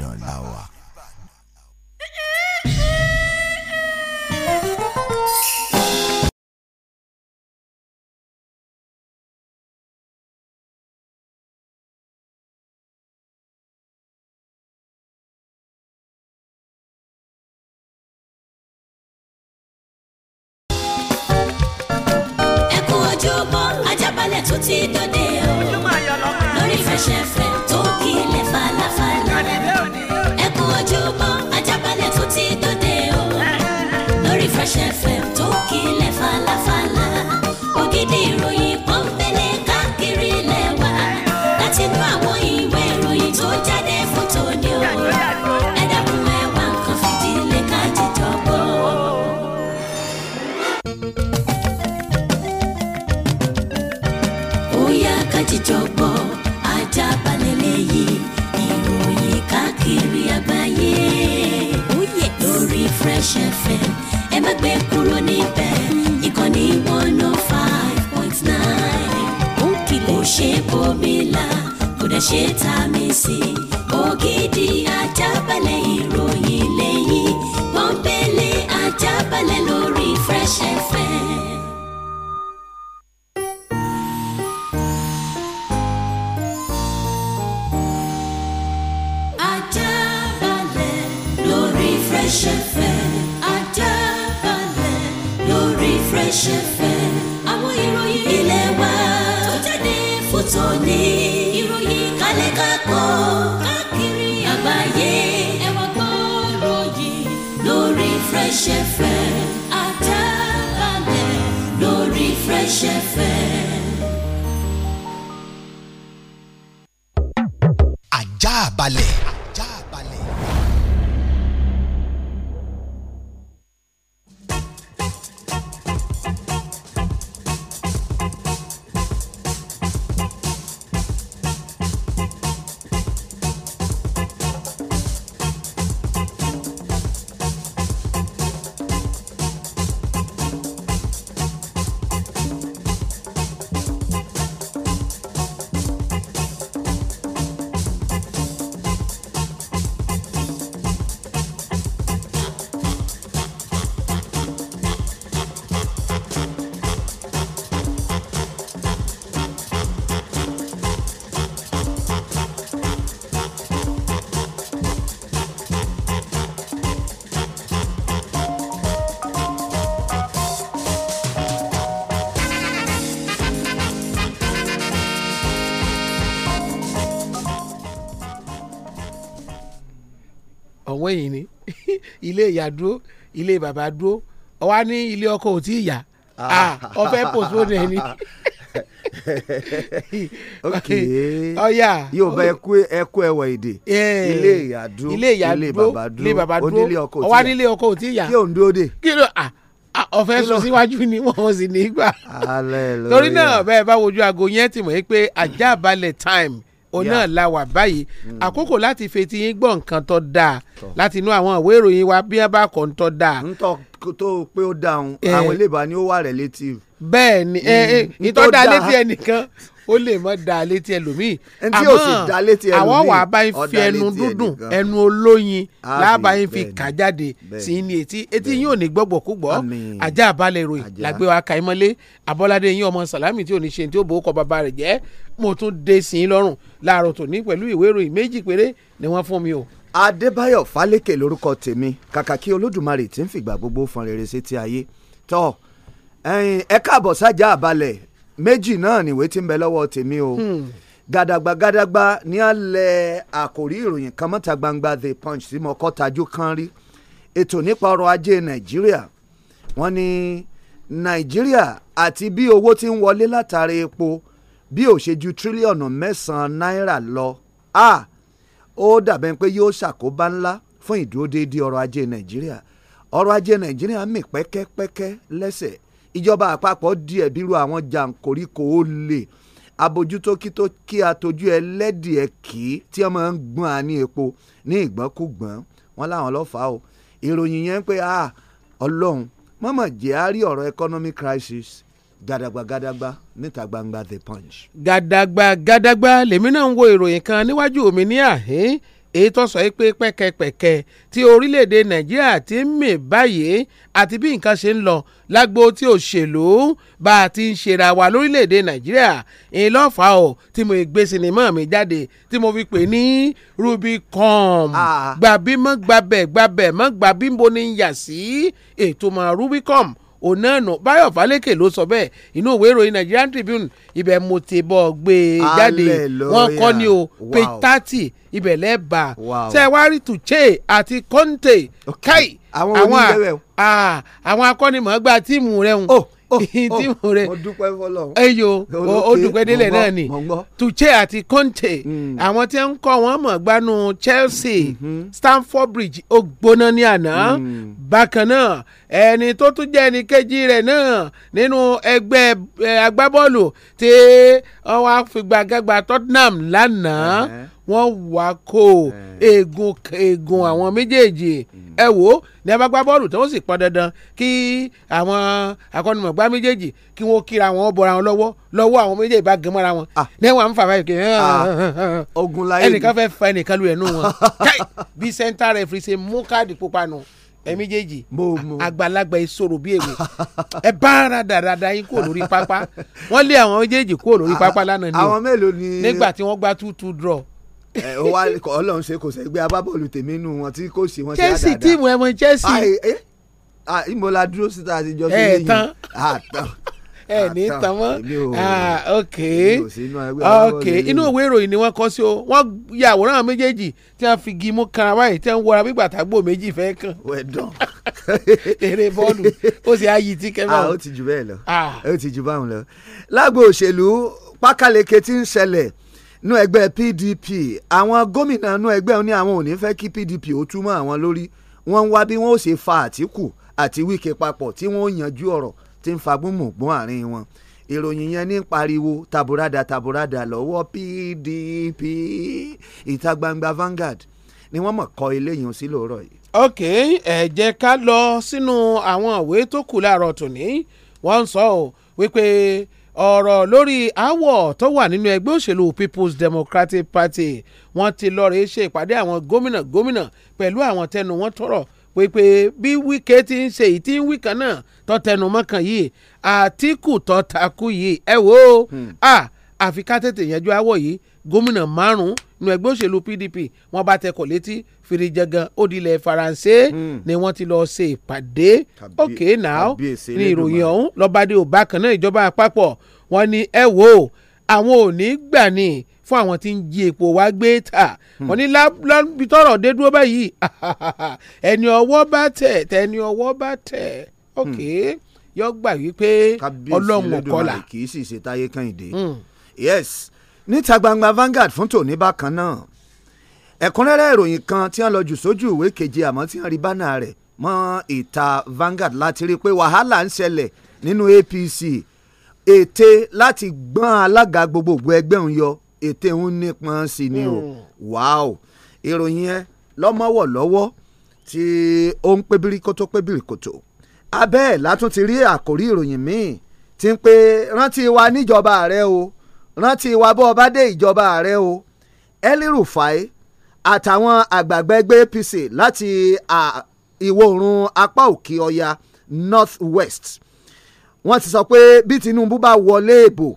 àwọn èyí ni ilé ìyá dúró ilé bàbá dúró ọwá ní ilé ọkọ ò tí ì yá ọfẹ ah. ah, postpone ẹni. ọyà yóò bá ẹkú ẹkú ẹwọ èdè ilé ìyá dúró ilé bàbá dúró ilé bàbá dúró ọwá ní ilé ọkọ ò tí ì yá kí òun dúró dé. kí ló à ah, síwájú ni wọ́n sì ní gbà. torí náà bẹ́ẹ̀ bá wojú aago yẹn ti mọ̀ pé ajá balẹ̀ time òun náà la wà báyìí hmm. àkókò láti fetí yín gbọ́ nǹkan tó dáa láti inú àwọn ìwé ìròyìn wa bí wọ́n bá kọ́ ń tọ́ dáa. ń tọ́ tó pé ó dáhùn eh. àwọn ilé ìbá ó wà relative bẹ́ẹ̀ ni ìtọ́da létí ẹnìkan ó lè mọ da létí ẹlòmíì àmọ́ àwọn wà á bá yín fi ẹnu dúndùn ẹnu olóyin láàbá yín fi kà jáde sí ní etí etí yín ò ní gbọ́gbọ́ kú gbọ́ ajá àbálẹ̀ ròyìn làgbé wa ka ìmọ̀lé abọ́ládé yín ọmọ sàlámì tí ò ní ṣe tí ó bò ó kọ bàbá rẹ̀ jẹ́ mo tún dé sí i lọ́rùn láàárọ̀ tòní pẹ̀lú ìwé ìròyìn méjì péré ni wọ́n fún mi o. Adébáyọ̀ Fálékè lórúkọ tèmi kàkà kí Olódùmarè tí ń fìgbà gbogbo fọn rere sétí ayé tọ́ọ̀ ẹ káàbọ̀ sájà àbálẹ̀ méjì náà nìwé ti ń bẹ lọ́wọ́ tèmi o hmm. gàdàgbà gàdàgbà ní alẹ́ àkòrí ìròyìn kan mọ́ta gbangba the punch tí mo kọ́ tajú kan rí ètò nípa ọrọ̀ ajé nàìjíríà wọ́n ní nàìjíríà àti bí owó ti ń wọlé látàrí epo bí ò ṣe ju tírílíọ̀nù mẹ́sàn-án náírà lọ a ó dàbẹ̀ pé yóò ṣàkóbá ńlá fún ìdúródéédé ọrọ̀ ajé nàìjíríà ọrọ̀ ajé nàìjíríà mì pẹ́kẹ́pẹ́kẹ́ lẹ́sẹ̀ẹ́ ìjọba àpapọ̀ di ẹ̀bírú àwọn jàǹkóríkò ó lè abojútó kí kí atojú ẹlẹ́dìẹ̀ kí tí wọ́n máa ń gbọ́n a ní epo ní ìgbọ́nkúgbọ́n wọn láwọn lọ́fàá o ìròyìn yẹn pé ah ọlọ́run mọ́mọ́ jẹ́ á rí ọ̀rọ̀ economic crisis gàdàgbà gàdàgbà níta gbangba the punch. gàdàgbà gàdàgbà lèmi náà ń wo ìròyìn kan níwájú mi ní èyí tó sọ pé pẹ́kẹ́pẹ́kẹ́ tí orílẹ̀-èdè nàìjíríà ti ń mì báyìí àti bí nǹkan ṣe ń lọ lágbo tí òṣèlú bá a ti ń ṣera wa lórílẹ̀-èdè nàìjíríà ìlọ́fà ọ̀ tí mo gbé sinimá mi jáde tí mo fi pè ní Rubicon ah. gbàbí mọ́ gbàbẹ̀ gbàbẹ̀ mọ́ gbàbí mo ní yà sí ètò mọ́ Rubicon òun náà nù báyọ̀ fálékè ló sọ bẹ́ẹ̀ inú ìwé ìròyìn Nigerian Tribune ibẹ̀ mo ti bọ̀ gbé e jáde wọ́n kọ́ ni o page thirty ibẹ̀ lẹ́ẹ̀bà sẹ́wárì Tuche àti Conte káì àwọn akọ́nimọ̀ọ́gbà tíìmù rẹ̀ ń oh. Oh, ìdí oh, mo rẹ mo dúpẹ́ fọlọ́run. eyo náà ni tuche àti conte hmm. àwọn tí ń kọ́ wọn mọ̀ gbanú Chelsea mhm. Stamford Bridge ó gbóná ní àná hmm. bákan náà ẹni tó tún jẹ́ ẹni kejì rẹ̀ náà nínú ẹgbẹ́ eh, agbábọ́ọ̀lù tí wọ́n á fi gbàgàgbà Tottenham lánàá wọ́n wà kó eh. eegun eegun hmm. àwọn méjèèjì hmm. ẹ wò ó ní ẹ bá gbá bọ́ọ̀lù tó ń sì pọn dandan kí àwọn akọ́nimọ̀gbá méjèèjì kí wọ́n kíra wọn bọ̀ra wọn lọ́wọ́ lọ́wọ́ àwọn méjèèjì bá gẹ́mọ́ ra wọn ah. níwọ̀n à ń fà báyìí kì í ah. ogun láyé ẹnìkan fẹ́ fa ẹnìkan lu ẹnu wọn bí sẹ́ńtà rẹ̀fìrì ṣe mú káàdì pupa nù ẹ méjèèjì àgbàlagbà ìṣòro bíi èwe ẹ bá rádaràda yín kúrò lórí pápá wọn lé àwọn méjèèjì kúrò lórí pápá lánàá ni nígbà tí wọn gbá two two draw Ọlọ́run ṣe kò sẹ́gbẹ́ abábọ́ọ̀lù tèmi nù wọn tí kò sí wọn ṣe àdàdà Chelsea tíìmù ẹmọ Chelsea. ìmọ̀lá dúró síta àtijọ́ sí lẹ́yìn àtàn ẹ ní tán mọ́ ok ok inú òwe ìròyìn ni wọ́n kọ sí o wọ́n ya àwòrán àwọn méjèèjì tí wọ́n fi gímú kan báyìí tí wọ́n wọra gbígbà tágbó méjì fẹ́ kàn. wẹ̀dán. eré bọ́ọ̀lù ó sì ayí tí kẹ́mọ́. ó ti jù bẹ́ẹ̀ lọ ó ti jù báwọn lọ. lágbo òṣèlú pákáleke ti ń ṣẹlẹ̀ nú ẹgbẹ́ PDP àwọn gómìnà nú ẹgbẹ́ wọn ní àwọn ò ní fẹ́ kí PDP ó túmọ̀ àwọn lórí wọ́n ń wá bí wọ́n ó ṣe fa Àtíkù àti Wike papọ̀ tí wọ́n ó yanjú ọ̀rọ̀ tí ń fagbúnmùgbọ́n àárín wọn ìròyìn yẹn ní pariwo taburada taburada lọ́wọ́ PDP ìta gbangba Vanguard ni wọ́n mọ̀ kọ́ eléyìí sí lóòrọ̀ yìí. ok ẹ jẹ́ ká lọ sínú àwọn ìwé tó kù láàárọ̀ tòní wọ́n ń sọ ọ́ wípé. Okay ọ̀rọ̀ lórí aáwọ̀ tó wà nínú ẹgbẹ́ òṣèlú People's Democratic Party wọ́n ti lọ́ọ̀rẹ́ ṣe ìpàdé àwọn gómìnà gómìnà pẹ̀lú àwọn tẹnu wọn tọrọ pépé bí Wike ti ń ṣe èyí tí ń wí kan náà tó tẹnu mọ́kàn yìí Àtíkù tó takú yìí ẹ wo ah àfi ká tètè yanjú awọ yìí gómìnà márùn-ún nu ẹgbẹ́ òṣèlú PDP wọ́n bá tẹkọ̀ létí fìrìjẹ̀gàn odilẹ̀ faransé hmm. ni wọ́n ti lọ ṣe ìpàdé òkè náà ní ìròyìn ọ̀hún lọ́bàdé ò bákan náà ìjọba àpapọ̀ wọ́n ní ẹ wò ó àwọn ò ní gbà ní fún àwọn tí ń jí epo wá gbé tà hmm. wọ́n ní lábí tọrọ dé dúró báyìí ẹni ọwọ́ bá tẹ̀ tẹni ọwọ́ bá tẹ̀ òkè hmm. yọ wípé ọlọ́run kọlà kì í sì ṣe táyé kàn ìdè yes níta gbangba Vanguard fún tòní bákan náà ẹ̀kúnrẹ́rẹ́ ìròyìn kan tí wọ́n lọ jù sójú ìwé keje àmọ́ tí wọ́n rí bánà rẹ̀ mọ́ ìta Vanguard láti rí i pé wàhálà ń ṣẹlẹ̀ nínú APC ète láti gbọ́n alága gbogbogbò ẹgbẹ́ òun yọ ète òun nípọn sí ni o hmm. wáò ìròyìn ẹ lọ́mọ́wọ̀ lọ́wọ́ tí ó ń pé bíríkótó pé bíríkótó abẹ́ ẹ̀ látún ti rí àkórí ìròyìn míì tí ń pe rántí wa níjọba rẹ o rántí wa bó ọba dé ìjọba ààrẹ o Elirufai àtàwọn àgbààgbà ẹgbẹ́ APC láti ìwọ̀ oòrùn apá òkè ọya north west wọ́n ti sọ pé bí Tinubu bá wọlé ìbò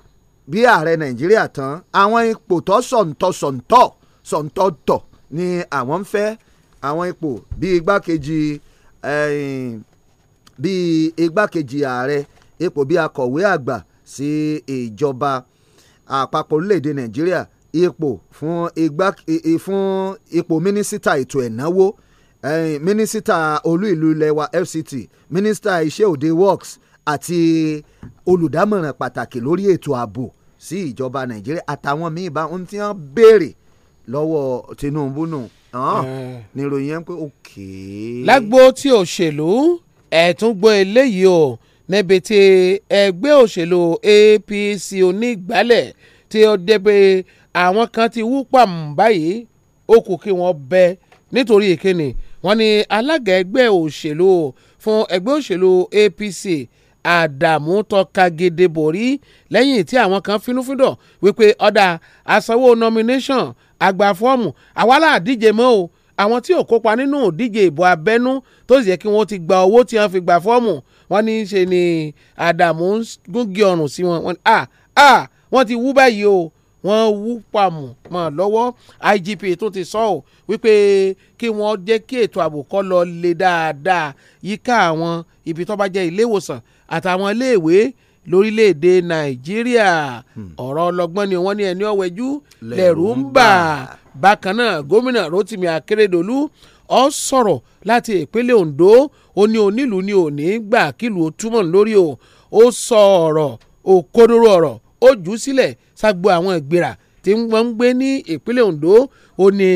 bí ààrẹ Nàìjíríà tán àwọn ipò tó sọ̀ǹtọ̀ sọ̀ǹtọ̀ sọ̀ǹtọ̀ tọ̀ ni àwọn ń fẹ́ àwọn ipò bíi igbákejì bíi igbákejì ààrẹ ipò bíi akọ̀wé àgbà sí ìjọba. Si àpapọ̀ orílẹ̀-èdè nàìjíríà ipò fún igbá fún ipò mínísítà ètò ẹ̀náwó mínísítà olú ìlú ilẹ̀ fct mínísítà iṣẹ́ òde works àti olùdámọ̀ràn pàtàkì lórí ètò ààbò sí ìjọba nàìjíríà àtàwọn míì bá ohun tí wọ́n béèrè lọ́wọ́ tinubu nù níròyìn yẹn pé òkè. lágbo tí òṣèlú ẹ̀ẹ́dúngbò eléyìí o níbi tí ẹgbẹ́ òṣèlú APC onígbálẹ̀ tí ó débẹ̀ àwọn kan ti wú pàm báyìí ó kù kí wọ́n bẹ nítorí ìkíni wọ́n ní alága ẹgbẹ́ òṣèlú fún ẹgbẹ́ òṣèlú APC àdàmú tọ́ka gèdè borí lẹ́yìn tí àwọn kan finúfíndọ̀ wípé ọ̀dà àsanwó nomination àgbà fọ́ọ̀mù àwa la díje mọ́ o àwọn tí ò kópa nínú ìdíje ìbò abẹ́nú tó sì yẹ kí wọ́n ti gba owó tí wọ́n fi gbà fọ́ọ̀mù wọ́n ní ṣe ni Àdàmú ń gúngi ọrùn sí wọn wọ́n ní à ah, à ah, wọ́n ti wú báyìí o wọ́n wú pamọ́ mọ́ lọ́wọ́ IGP tó ti sọ ọ́ wípé kí wọ́n jẹ́ kí ètò ààbò kó lọ le dáadáa yíká àwọn ibi tó bá jẹ́ ilé ìwòsàn àtàwọn iléèwé lórílẹ̀‐èdè nàìjíríà hmm. ọ̀rọ̀ ọlọ́gbọ́n ni wọ́n ní ẹni ọ̀wẹ́jú lẹ́rù ń bà bákan náà gómìnà rotimi akérèdọ́lù ọ sọ̀rọ̀ láti ìpínlẹ̀ Ondo ó ní onílù ni ò ní gbà kílù ó túmọ̀ lórí o ó sọ ọ̀rọ̀ òkodoro ọ̀rọ̀ ó jù ú sílẹ̀ ságbo àwọn ìgbéra tí wọ́n ń gbé ní ìpínlẹ̀ Ondo ó ní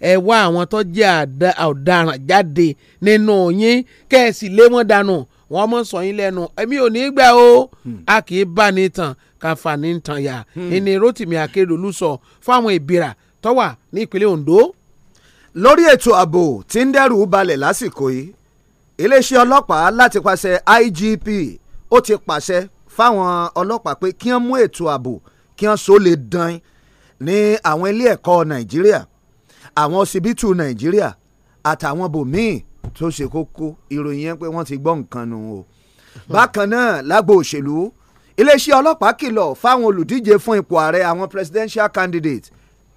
ẹ wá àwọn tó jẹ́ ọ̀daràn jáde nínú yín kẹ́ẹ̀sì lé wọn dànù wọ́n mọ̀ sọ yín lẹ́nu èmi ò ní gbà o hmm. a kì í bá ní tàn káfa ní tàn yá ẹni hmm. Rotimi Akeredolu sọ fáwọn ìbíra tó ní ìpínlẹ̀ Ondo lórí ètò ààbò tí ń dẹ́rù balẹ̀ lásìkò yìí iléeṣẹ́ ọlọ́pàá láti pàṣẹ IGP ó ti pàṣẹ fáwọn ọlọ́pàá pé kí wọ́n mú ètò ààbò kí wọ́n so lè dán ní àwọn ilé ẹ̀kọ́ Nàìjíríà àwọn ọsibítù Nàìjíríà àtàwọn bòmíì tó ṣe kókó ìròyìn yẹn pé wọ́n ti gbọ́ nǹkan nù o. bákan náà lágbo òṣèlú iléeṣẹ́ ọlọ́pàá kìlọ̀ fáwọn olùdíje fún ipò ààrẹ àwọn presidential candidate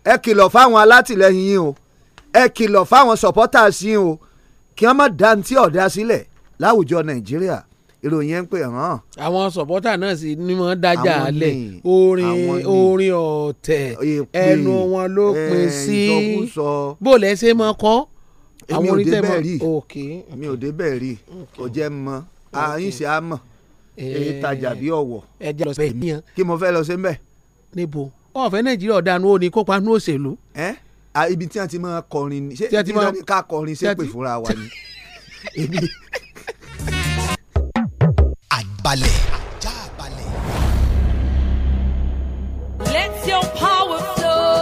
ẹ kìlọ̀ fáwọn alátìlẹyìn yín o ẹ kìlọ̀ fáwọn supporters yín o kí wọ́n má dá tí ọ̀dá sílẹ̀ láwùjọ nàìjíríà ìròyìn ẹ ń pè hàn. àwọn supporters náà sì ni wọ́n dájà alẹ̀ orin orin ọ̀tẹ̀ ẹnu wọn ló pin sí bó lẹ́sẹ̀ mọ́ kọ́ àwọn orin tẹ̀ mọ́ mi ò débẹ̀ rí kò jẹ́ mọ́ àyìn sì á mọ̀ èyí eh. tajà bí ọ̀wọ̀ kí mo fẹ́ lọ sí mbẹ́. níbo ọ̀fẹ́ nàìjíríà ọ̀daràn ó ní kópa ní òṣèlú. ẹ́ ibi tí a ti máa kọrin ni ṣé tí a ti ká kọrin ṣé pè fúnra wa ni. àgbàlẹ̀. Let your power flow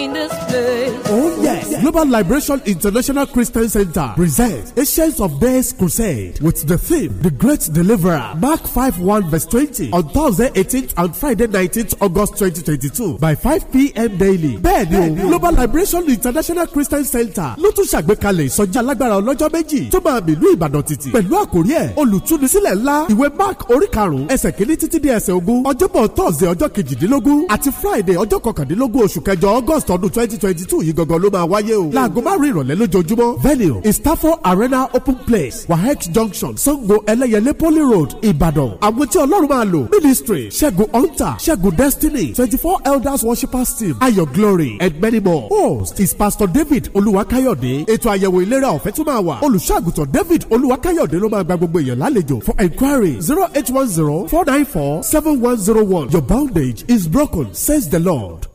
in this place. Oh, yeah. Global Liberation International Christian Center presents Asians of Days Crusade with the theme The Great Deliverer, Mark 5 1 verse 20 on Thursday 18th and Friday 19th August 2022 by 5 p.m. daily. Bẹ́ẹ̀ni o, Global Liberation International Christian Center Lutu tún ṣàgbékalẹ̀ ìsọjí alágbára ọlọ́jọ́ méjì tó máa mì ní Ìbàdàn títì pẹ̀lú àkórí ẹ̀ olùtúnisílẹ̀ Mark orí karùn-ún ẹsẹ̀ ogu. títí di ẹsẹ̀ ogún ọjọ́bọ̀ Thursday ọjọ́ kejìdínlógún àti Friday ojo kọkàndínlógún oṣù kẹjọ August ọdún 2022 yìí gangan wáyé o. láago márùn ìrọ̀lẹ́ lójoojúmọ́. venue istafo arena open place waec junction sango ẹlẹ́yẹlé poly road ìbàdàn. àwọn tí ọlọ́run máa lò ministry ṣẹ́gun hunter ṣẹ́gun destiny twenty four elders worshipers team ayọ̀ glory and many more. host is pastor david olúwakayọ̀dé. ètò àyẹ̀wò ìlera ọ̀fẹ́ tún máa wà. olùṣọ́àgùtàn david Oluwakayode. ló máa gba gbogbo èèyàn lálejò for enquiry zero eight one zero four nine four seven one zero one your boundage is broken says the lord.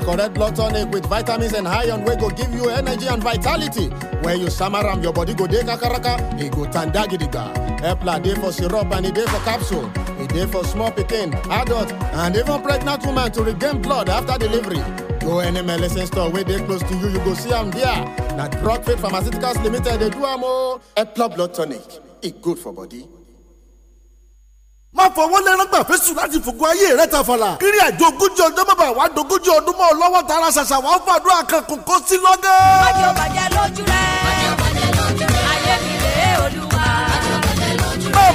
na correct blood tonic with vitamins and iron wey go give you energy and vitality when you summer am your body go dey kakaraka e go tanda gidigba epla dey for syrup and e dey for capsule e dey for small pikin adult and even pregnant woman to regain blood after delivery go any medicine store wey dey close to you you go see am there na drug trade pharmaceuticals limited dey do am o epla blood tonic e good for body má fọwọ́ lẹ́rán gbà fésù láti fògo ayé rẹ̀ tàfàlà kiri àjò ogójì ọjọ́ bàbá wa dogójì ọdún mọ́ ọ lọ́wọ́ tara ṣàṣà wàá fàdúrà kan kò kó sí lọ́gán. má jẹ́ ọ̀bàjẹ́ lójú rẹ̀.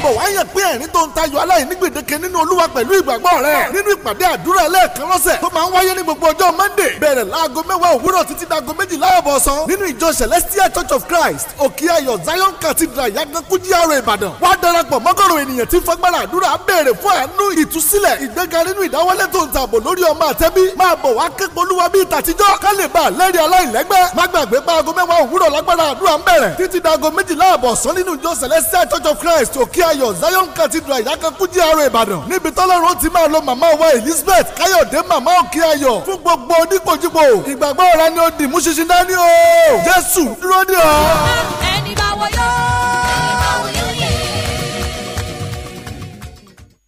bọ̀ wáyà pé ẹ̀rín tó ń tayọ aláìní gbèdéke nínú olúwa pẹ̀lú ìgbàgbọ́ rẹ̀ nínú ìpàdé àdúrà ẹlẹ́ẹ̀kan lọ́sẹ̀ tó máa ń wáyé ní gbogbo ọjọ́ monday bẹ̀rẹ̀ láago mẹ́wàá òwúrọ̀ títí dago méjìlá ọ̀sán nínú ìjọ celestial church of christ òkè ayọ̀ zion cathedral yagankú GRA ìbàdàn wá darapọ̀ mọ́kànlá ènìyàn tí fagbára àdúrà béèrè fún àánú ìtúsílẹ̀ ìgbéga nínú ìdáwọ́lé tó ń tààbò lórí ọmọ àtẹ́bí máa bọ̀ wá képo olúwa bíi tàtijọ́ ká lè bá a lẹ́rìí aláìlẹ́gbẹ́ má gbàgbé bá aago mẹ́wàá òwúrọ̀ lágbára àdúrà ń bẹ̀rẹ̀ títí dago méjìlá church of christ òkè ayọ̀ zion cathedral ìyákankú GRA ìbàdàn níbi tọ́lọ́run ti máa lo màmá wa elizabeth káyọ̀dé màmá òkè ayọ̀ fún gbogbo oníkojúbo ìgbàgbọ́ ọ̀ra ni ó dì mú ṣinṣin dání o jésù dúró dè ọ́. ẹni bá wọ yóò.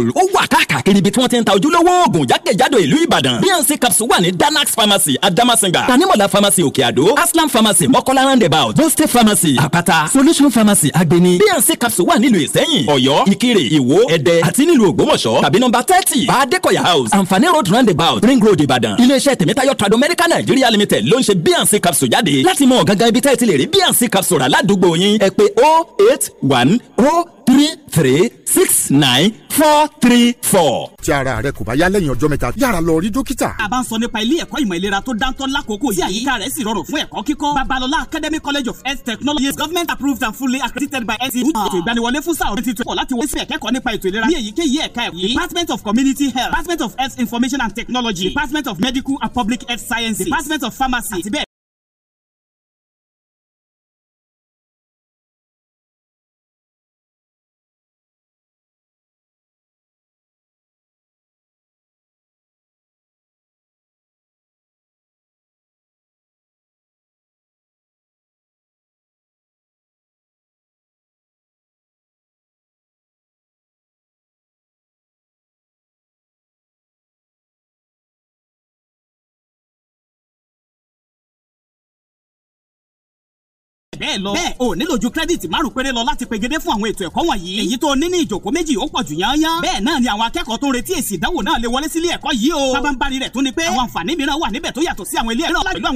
capsule ó wà káàkiri ibi tí wọ́n ti ń ta ojúlówó oògùn jákèjádò ìlú ìbàdàn bnc capsule wà ní danax pharmacy adamasinga tanimola pharmacy òkè àdó aslam pharmacy mọ́kọ́lá roundabout boste pharmacy àpáta solution pharmacy agbeni bnc capsule wà nílùú ìsẹ́yìn ọ̀yọ́ ìkirè ìwó ẹ̀dẹ́ àti nílùú ògbómọ̀ṣọ́ tàbí nọmba thirty baadekoya house anfani road roundabout ring road ìbàdàn iléeṣẹ́ tèmítáyọ̀ trado medical nigeria limited ló ń ṣe bnc capsule jáde láti mọ̀ gangan ibi tẹ́ẹ̀ ti lè rí bnc capsule rà ládùúgbò yín ẹ pé 081 0 three three six nine four three four. tí ara rẹ kò bá yá lẹ́yìn ọjọ́ mẹ́ta yára lọ rí dókítà. a bá ń sọ nípa ilé ẹ̀kọ́ ìmọ̀ ìlera tó dáńtọ́ lákòókò yìí àyíká rẹ̀ sì rọrùn fún ẹ̀kọ́ kíkọ́. babalọla academy college of health technology is government approved and fully accredited by NC. ètò ìgbaniwọlé fún sáà twenty twenty láti wọ́n sí ẹ̀kẹ́kọ̀ọ́ nípa ètò ìlera ní èyíkéyìí ẹ̀ka ẹ̀kọ́ department of community health department of health information and technology department of medical and public health sciences department of pharmacy àti bẹ́ẹ̀ bẹ́ẹ̀ lọ. bẹ́ẹ̀ o nílò ju kírẹ́dìtì márùn péré lọ láti pegedé fún àwọn ètò ẹ̀kọ́ wọ̀nyí. èyí tó ní ní ìjókòó méjì ó pọ̀ jù yányán. bẹ́ẹ̀ náà ni àwọn akẹ́kọ̀ọ́ tó ń retí èsì ìdánwò náà lè wọlé sílé ẹ̀kọ́ yìí o. sábàǹbarì rẹ̀ tún ni pé àwọn àǹfààní mìíràn wà níbẹ̀ tó yàtọ̀ sí àwọn ilé ẹ̀kọ́ pẹ̀lú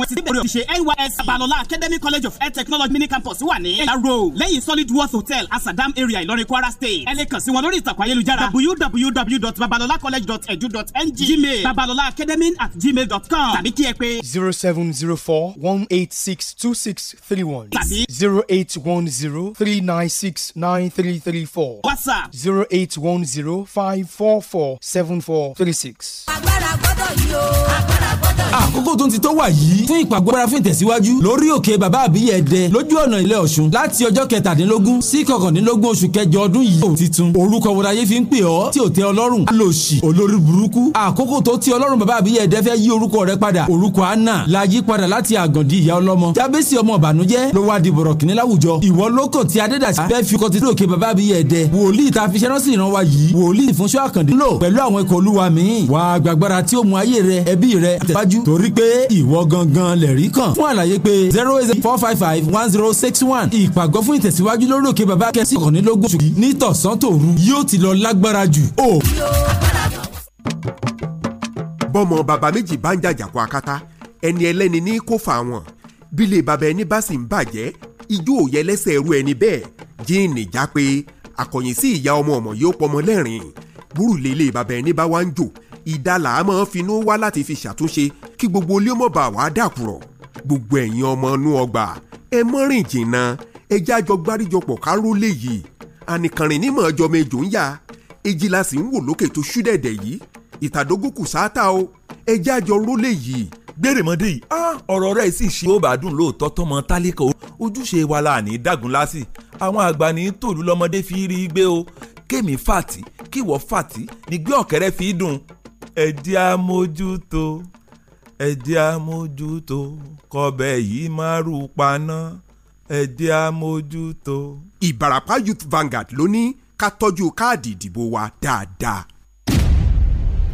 College of Health Technology mini campus wà ní Ẹ̀yà Road lẹ́yìn Solid Worth Hotel Asadam area Ìlọrin Kwara State. ẹ lè kàn sí wọn lórí ìtàkùn ayélujára www.babalolacollege.edu.ng gmail babalolaacademy@gmail.com tàbí kí ẹ pé. zero seven zero four one eight six two six three one sí. zero eight one zero three nine six nine three three four. WhatsApp zero eight one zero five four four seven four three six. agbára gbọ́dọ̀ yìí o. agbára gbọ́dọ̀ yìí. àkókò tó ti tó wà yìí fún ìpàgọ́ parafin tẹ̀síwájú lórí òkè bàbá àbíyẹ ẹ̀dẹ lójú ọ̀nà ilẹ̀ ọ̀ṣun láti ọjọ́ kẹtàdínlógún sí kọkàndínlógún oṣù kẹjọ ọdún yìí. òun titun orúkọ wọn ayé fi ń pè ọ́ tí ò tẹ́ ọlọ́run alòṣì olórí burúkú àkókò tó ti ọlọ́run bàbá àbíyẹ ẹ̀dẹ fẹ́ yí orúkọ rẹ padà orúkọ anna la yí padà láti àgàndí ìyá ọlọ́mọ jábẹ́sì ọmọ ìbànújẹ́ ló wá di bọ̀rọ̀ kìnní láwùjọ ìwọ lókàn tí adédàsí fẹ́ fi kọtí lókè bàbá ta fi ṣẹ́rọ́sì ìran wa yìí wòlíì fúnṣọ́ àkàndé lò pẹ̀lú àwọn ikọ̀ olúwa míì wàá gbàgbára tí ayé rẹ ẹbí rẹ àtẹ̀síwájú torí pé ìwọ gangan lè rí kàn fún àlàyé pé zero eight four five five one zero six one ìpàgọ́ fún ìtẹ̀síwájú lórí òkè baba, kẹsì ọ̀kànlélógún ṣùgbọ́n ní tọ̀sán tòru yóò ti lọ lágbára jù o. bọ́mọ bàbá méjì bá ń jàjàkú akátá ẹni ẹlẹ́ni ní kó fà wọ́n bílẹ̀ bàbá ẹni bá sì ń bàjẹ́ ijó òye lẹ́sẹ̀ ẹrú ẹni bẹ́ẹ̀ jíìnì já pé akọ̀yìn sí ìyá ọmọ ọmọ yóò pọmọ lẹ́rìn-ín búrú lélẹ̀ bàbá ẹni bá wá ń jò ìdá làá máa finú wá láti fi ṣàtúnṣe kí gbogbo ilé mọ̀ bá wàá dàkùrọ̀ gbogbo ẹ̀yin ọmọ inú ọgbà ẹ mọ́ rìn jìnnà ẹ jájọ gbáríjọpọ̀ káró léyìí ànìkànrìn ní mọ̀ ọjọ́ mẹjọ ń yá èjì la sì ń wò lókè tó ṣú dẹ̀dẹ̀ yìí ìtàdógún kù sáátà o ẹ jájọ rólé yìí. gbèrèmọdé yìí ọ̀rọ̀ rẹ̀ sì ṣe ó bá dùn lóòótọ́ tọmọ tálíkà ojúṣe wa la ní dàgùn lásì àwọn àgbà tòlú lọmọdé fi rí i gbé o kémi fàtí kíwọ fàtí nígbẹ́ ọ̀kẹ́rẹ́ fi dùn ẹ̀jẹ̀ amójútó ẹ̀jẹ̀ amójútó kọbẹ̀ yìí máa rú paná ẹ̀jẹ̀ amójútó. Ìbàràpá Youth Vanguard ló ní ká tọ́jú káàdì ìdìbò wa dáadáa.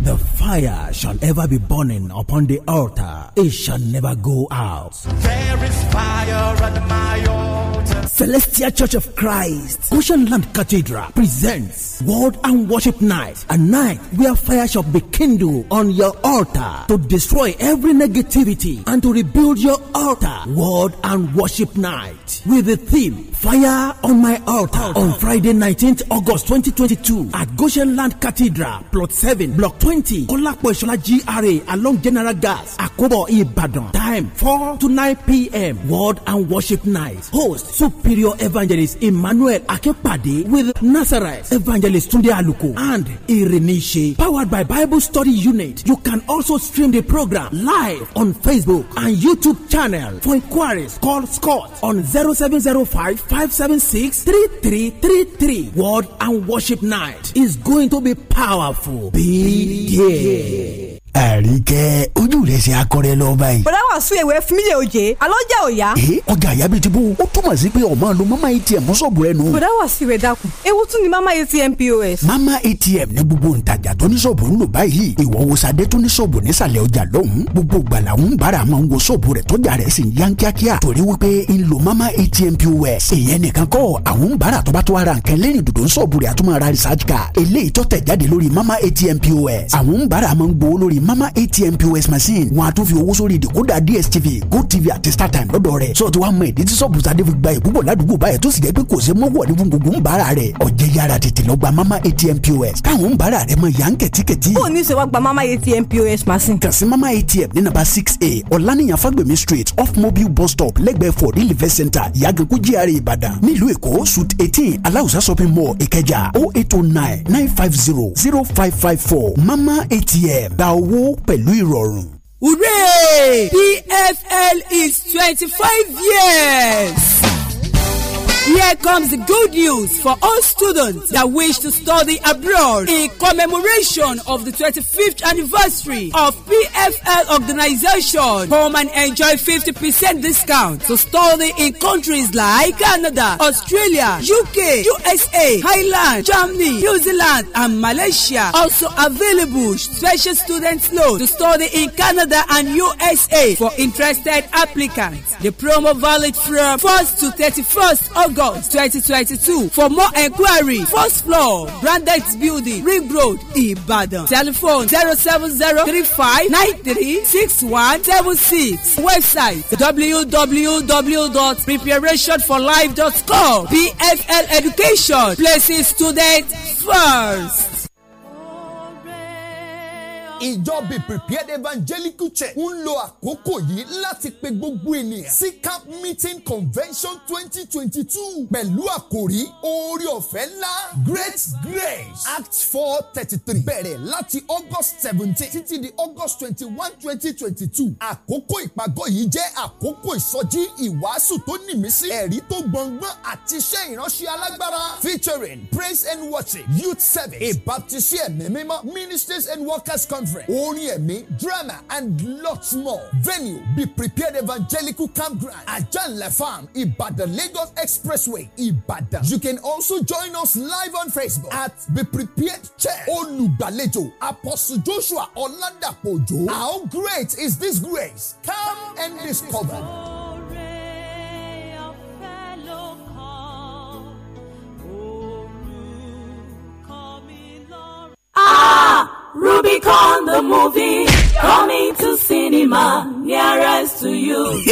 The fire shall ever be burning upon the altar. It shall never go out. There is fire at my altar. Celestial Church of Christ, Oceanland Cathedral presents World and Worship Night, a night where fire shall be kindled on your altar to destroy every negativity and to rebuild your altar. World and Worship Night with the theme Fire on My Altar on Friday, 19th August 2022 at Goshenland Cathedral, Plot 7, Block 20, Kolapo GRA along General Gas, Akobo Ibadan. Time 4 to 9 p.m. World and Worship Night. Host Super superior evangelist Emmanuel Akepade with Nazareth evangelist Tunde Aluko and Irenishe. Powered by Bible Study Unit. You can also stream the program live on Facebook and YouTube channel. For inquiries, call Scott on 0705 576 3333. Word and Worship Night is going to be powerful. Be, be there àríkẹ́ ojú rẹ̀ ṣe akọrẹ lọ báyìí. bọ̀dá wà sún ewé fún mi oje alọ́ jẹ́ òya. ee ọjà àyà bíi ti bó o túmọ̀ sí pé ọmọ lo mama atm mọ́sọ̀bù rẹ nù. bọ̀dá wà sí ìwé dàkún ewu tún ni mama atm pos. mama atm ní gbogbo ntajà tó ní sọ̀bù ń lò báyìí ìwọ wo sadé tó ní sọ̀bù nísàlẹ̀ ọjà lọ́hùn-ún gbogbo gbala ń bára máa ń wo sọ̀bù rẹ̀ tọ́jà rẹ̀ sì ń yan kíákíá torí wípé ń lo mama atm pos. èèyàn nìkan kọ́ àwọn ń bára tó bá tó ara nǹkan lẹ́yìn dòdò ń sọ̀bù rẹ̀ àtúmọ̀ ara research card mama atm pos. àwọn ń bára máa ń mama atm pos machine wọn a tún fi owó sórí ìdìkódà dstv gotv àti startime lọ́dọ̀ rẹ̀ sọ ti wá mọ ìdí tí sọ́ọ̀bù sadé fi gba ìbúbọ̀ ládùúgbò báyìí tó sì jẹ́ pé kò sí mọ́wọ́ ní gbogbo ń bára rẹ̀ ọ̀jẹ̀ yára tètè lọ gba mama atm pos káwọn ń bára rẹ̀ mọ ìyá ń kẹ̀tíkẹ̀tí. ó ní sèwá gba mama atm pos machine. kàn sí mama atm ní nàbà six a ọ̀lànìyàn fagbemi street off mobile bus stop lẹ́gbẹ̀ẹ́ for delivery center ìyàgànkú GRA ìbàdàn nílùú èkó suit eighteen aláùsá shopping mall ìkẹjà o oh eight o oh nine nine five zero zero five five four mama atm gba owó ẹ̀dínwó pẹ̀lú ìrọ̀rùn. hooray pfl is twenty five years. Here comes the good news for all students that wish to study abroad in commemoration of the 25th anniversary of PFL organization. Come and enjoy 50% discount to study in countries like Canada, Australia, UK, USA, Thailand, Germany, New Zealand, and Malaysia. Also available special student loan to study in Canada and USA for interested applicants. The promo valid from 1st to 31st of August 2022. for more enquiry first floor branded building ring road Ibadan telephone 07035936176. seven zero three five nine three website www.preparationforlife.com PFL education places students first ìjọ Be Prepared Evangelical Church ń lo àkókò yìí láti pe gbogbo ènìyàn sí camp meeting convention twenty twenty two pẹ̀lú àkòrí oore ọ̀fẹ́ ńlá great grace act four thirty three bẹ̀rẹ̀ láti august seventeen títí di august twenty one twenty twenty two àkókò ìpàgọ́ yìí jẹ́ àkókò ìsọjí ìwàásù tó nìmísí ẹ̀rí tó gbọ̀ngbọ̀n àti iṣẹ́ ìránṣẹ́ alágbára featuring praise and worship youth service a baptist ẹ̀mí mímọ́ ministers and workers conference deliverance, orin ẹ̀mí, drama and lots more. Venue be prepared evangelical campground at Janla Farm, Ibadan, Lagos Expressway, Ibadan. You can also join us live on Facebook at Be Prepared Church. Olùgbàlejò Apostle Joshua Ọ̀làdàpọ̀jọ́. How great is this grace? Come and discover. Ah! Rubicon the movie coming to cinema nearest to you.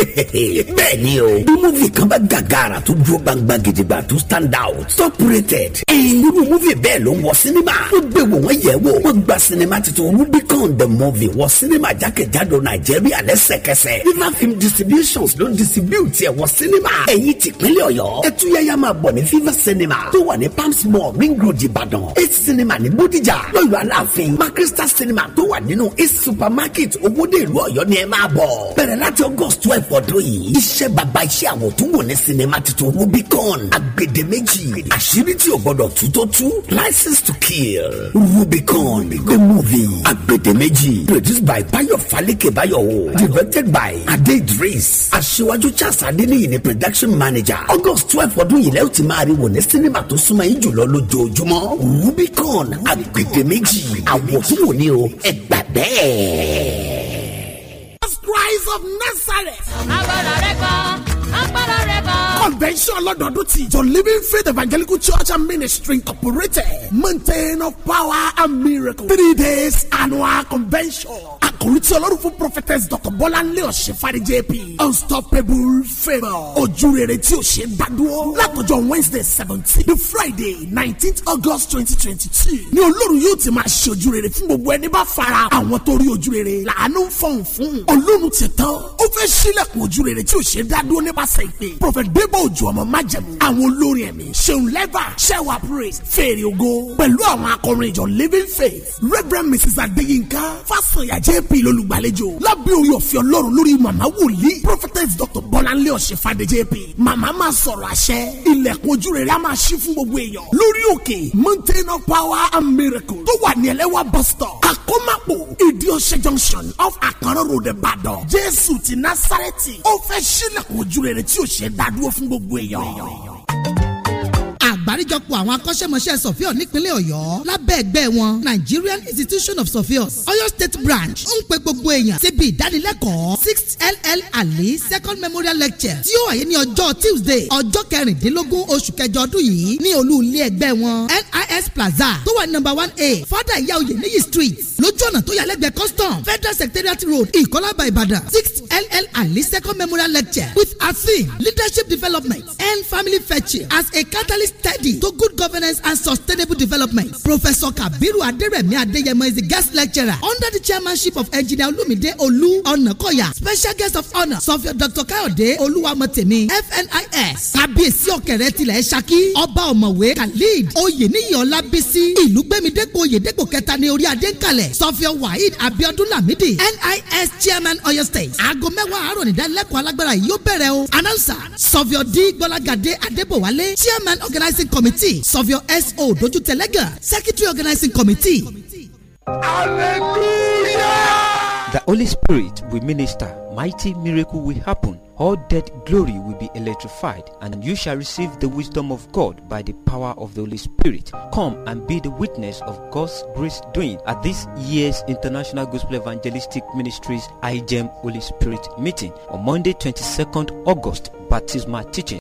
bẹ́ẹ̀ni o múvì kan bá gàgàrà tó dúró gbangba gidigba tó stand out top rated. irú múvì bẹ́ẹ̀ ló ń wọ sinima. wọ́n gbé wò wọ́n yẹ̀ wò wọ́n gba sinima titun Rubicon the movie wọ sinima jákèjádò Nàìjíríà lẹ́sẹ̀kẹsẹ̀. River Film Distributions ló ń distribute ẹ̀ wọ sinima. ẹ̀yin tìpínlẹ̀ Ọ̀yọ́ ẹtúyẹyà máa bọ̀ ní Fever Cinema tó wà ní Palms Mall Ring Road Ìbàdàn eight cinema ní Bódìjà lọ́yọ̀ Aláàfin má Crystal Cinema tó wà nínú East Supermarket Owódé ìlú Ọ̀yọ́ ni ẹ máa bọ̀. Bẹ̀rẹ̀ láti August twelve ọdún yìí. Iṣẹ́ bàbá iṣẹ́ àwòtúnwò ní cinema titun Rubicon Agbedeméjì. Àṣírí tí o gbọ́dọ̀ tú tó tú. License to kill. Rubicon the movie Agbedeméjì. Produced by Bayo Falike Bayowo. Directed by Ade Idris. Aṣíwájú Charles Adeniyi ni production manager. August twelve ọdún yìí lẹ́yìn tí máa rí wò ní cinema tó súnmọ́ yín jùlọ lójoojúmọ́. Rubicon Agbedeméjì. Àwọ̀ mọ̀túmọ̀ ni o ẹ gbà bẹ́ẹ̀. Christ of Nazareth. agbára rẹ̀ kan agbára rẹ̀ kan convention ọlọ́dọọdún ti the living faith evangelical church and ministry incorporated maintain of power and miracle three days annual convention àkòrí tí ọlọ́run fún prophetess dr Bolanle ọ̀sẹ̀ fari jp unstoppable favour ojú rere tí o ṣe bá dúró látọjọ́ wednesday seventeen to friday nineteenth august twenty twenty two ni olórun yóò ti máa ṣe ojú rere fún gbogbo ẹni bá fara àwọn tó rí ojú rere làánú ń fọ̀hún fún olórun ti tán ó fẹ́ sílẹ̀kùn ojú tí o ṣe dá nípasẹ̀ ìpè prophet debo ojú ọmọ májẹ̀mú àwọn olórin ẹ̀mí ṣeun lẹ́bà ṣẹ́wà praise fèrè ògo pẹ̀lú àwọn akọrin ìjọ living faith reverend mrs adeyinka fásanyà jp ccp lolùgbàlejò lábẹ́ orí ọ̀fẹ́ ọlọ́run lórí màmá wòlíì prophetess dr bọ́láńlé ọ̀ṣẹ́fàdé jp màmá máa sọ̀rọ̀ àṣẹ ilẹ̀kùn ojú rere á máa ṣí fún gbogbo èèyàn lórí òkè mountain of power and miracle tó wà ní ẹlẹ́wà bus stop àkómápò ìdíọ̀ṣẹ́ junction of àkànrọ̀ road ìbàdàn jésù ti násàrẹ́tì ó fẹ́ ṣílẹ̀kùn ojú rere tí ò ṣe dádúró fún gbogbo èèyàn àgbáríjọpọ̀ àwọn akọ́ṣẹ́mọṣẹ́ sọ̀fíọ̀ nípínlẹ̀ ọ̀yọ́ lábẹ́ ẹgbẹ́ wọn Nigerian Institution of Sophios Ọ̀yọ́ State Branch ń pe gbogbo èèyàn síbi ìdánilẹ́kọ̀ọ́ sixth ll ali second memorial lecture tí ó wáyé ní ọjọ́ Tuesday ọjọ́ kẹrìndínlógún oṣù kẹjọ ọdún yìí ní olú ilé ẹgbẹ́ wọn NIS Plaza tó wà ní number one a fada ìyá oyè níyì street lójú ọ̀nà tó yàlẹ́gbẹ̀ẹ́ custom federal secretariat road ìkọ́lábà ìbàdàn sixth ll ali second memorial lecture with a theme leadership development and family fetching as a catalyst type ìgbáradì to good governance and sustainable development professor kabiru aderemi adeyemo is the guest lecturer under the chairmanship of engineer olumide olu Onakoya. special guest of honor: sọfíọ dr kayode olúwamọ̀tẹ̀mí fnis kábíyèsí ọ̀kẹ́rẹ́ tilẹ̀ ṣakí ọba ọ̀mọ̀wé khalid oyèníyì ọlábísí ìlúgbẹ́mídẹ́gbò oyèdẹ́gbò kẹta ní orí adéǹkalẹ̀ sọfíọ waheed abiodun lamidi nis chairman oyo state aago mẹ́wàá àárọ̀ nídánilẹ́kọ̀ọ́ alágbára yìí yóò bẹ̀rẹ̀ o announcer sọfíọ d gbọ́lágadé adébọ̀wálé chairman organizing organizing committee your S.O. O. Don't you tell again. secretary organizing committee. Hallelujah! The Holy Spirit will minister, mighty miracle will happen all dead glory will be electrified, and you shall receive the wisdom of God by the power of the Holy Spirit. Come and be the witness of God's grace doing at this year's International Gospel Evangelistic Ministries IGEM Holy Spirit meeting on Monday, 22nd August, baptismal teaching.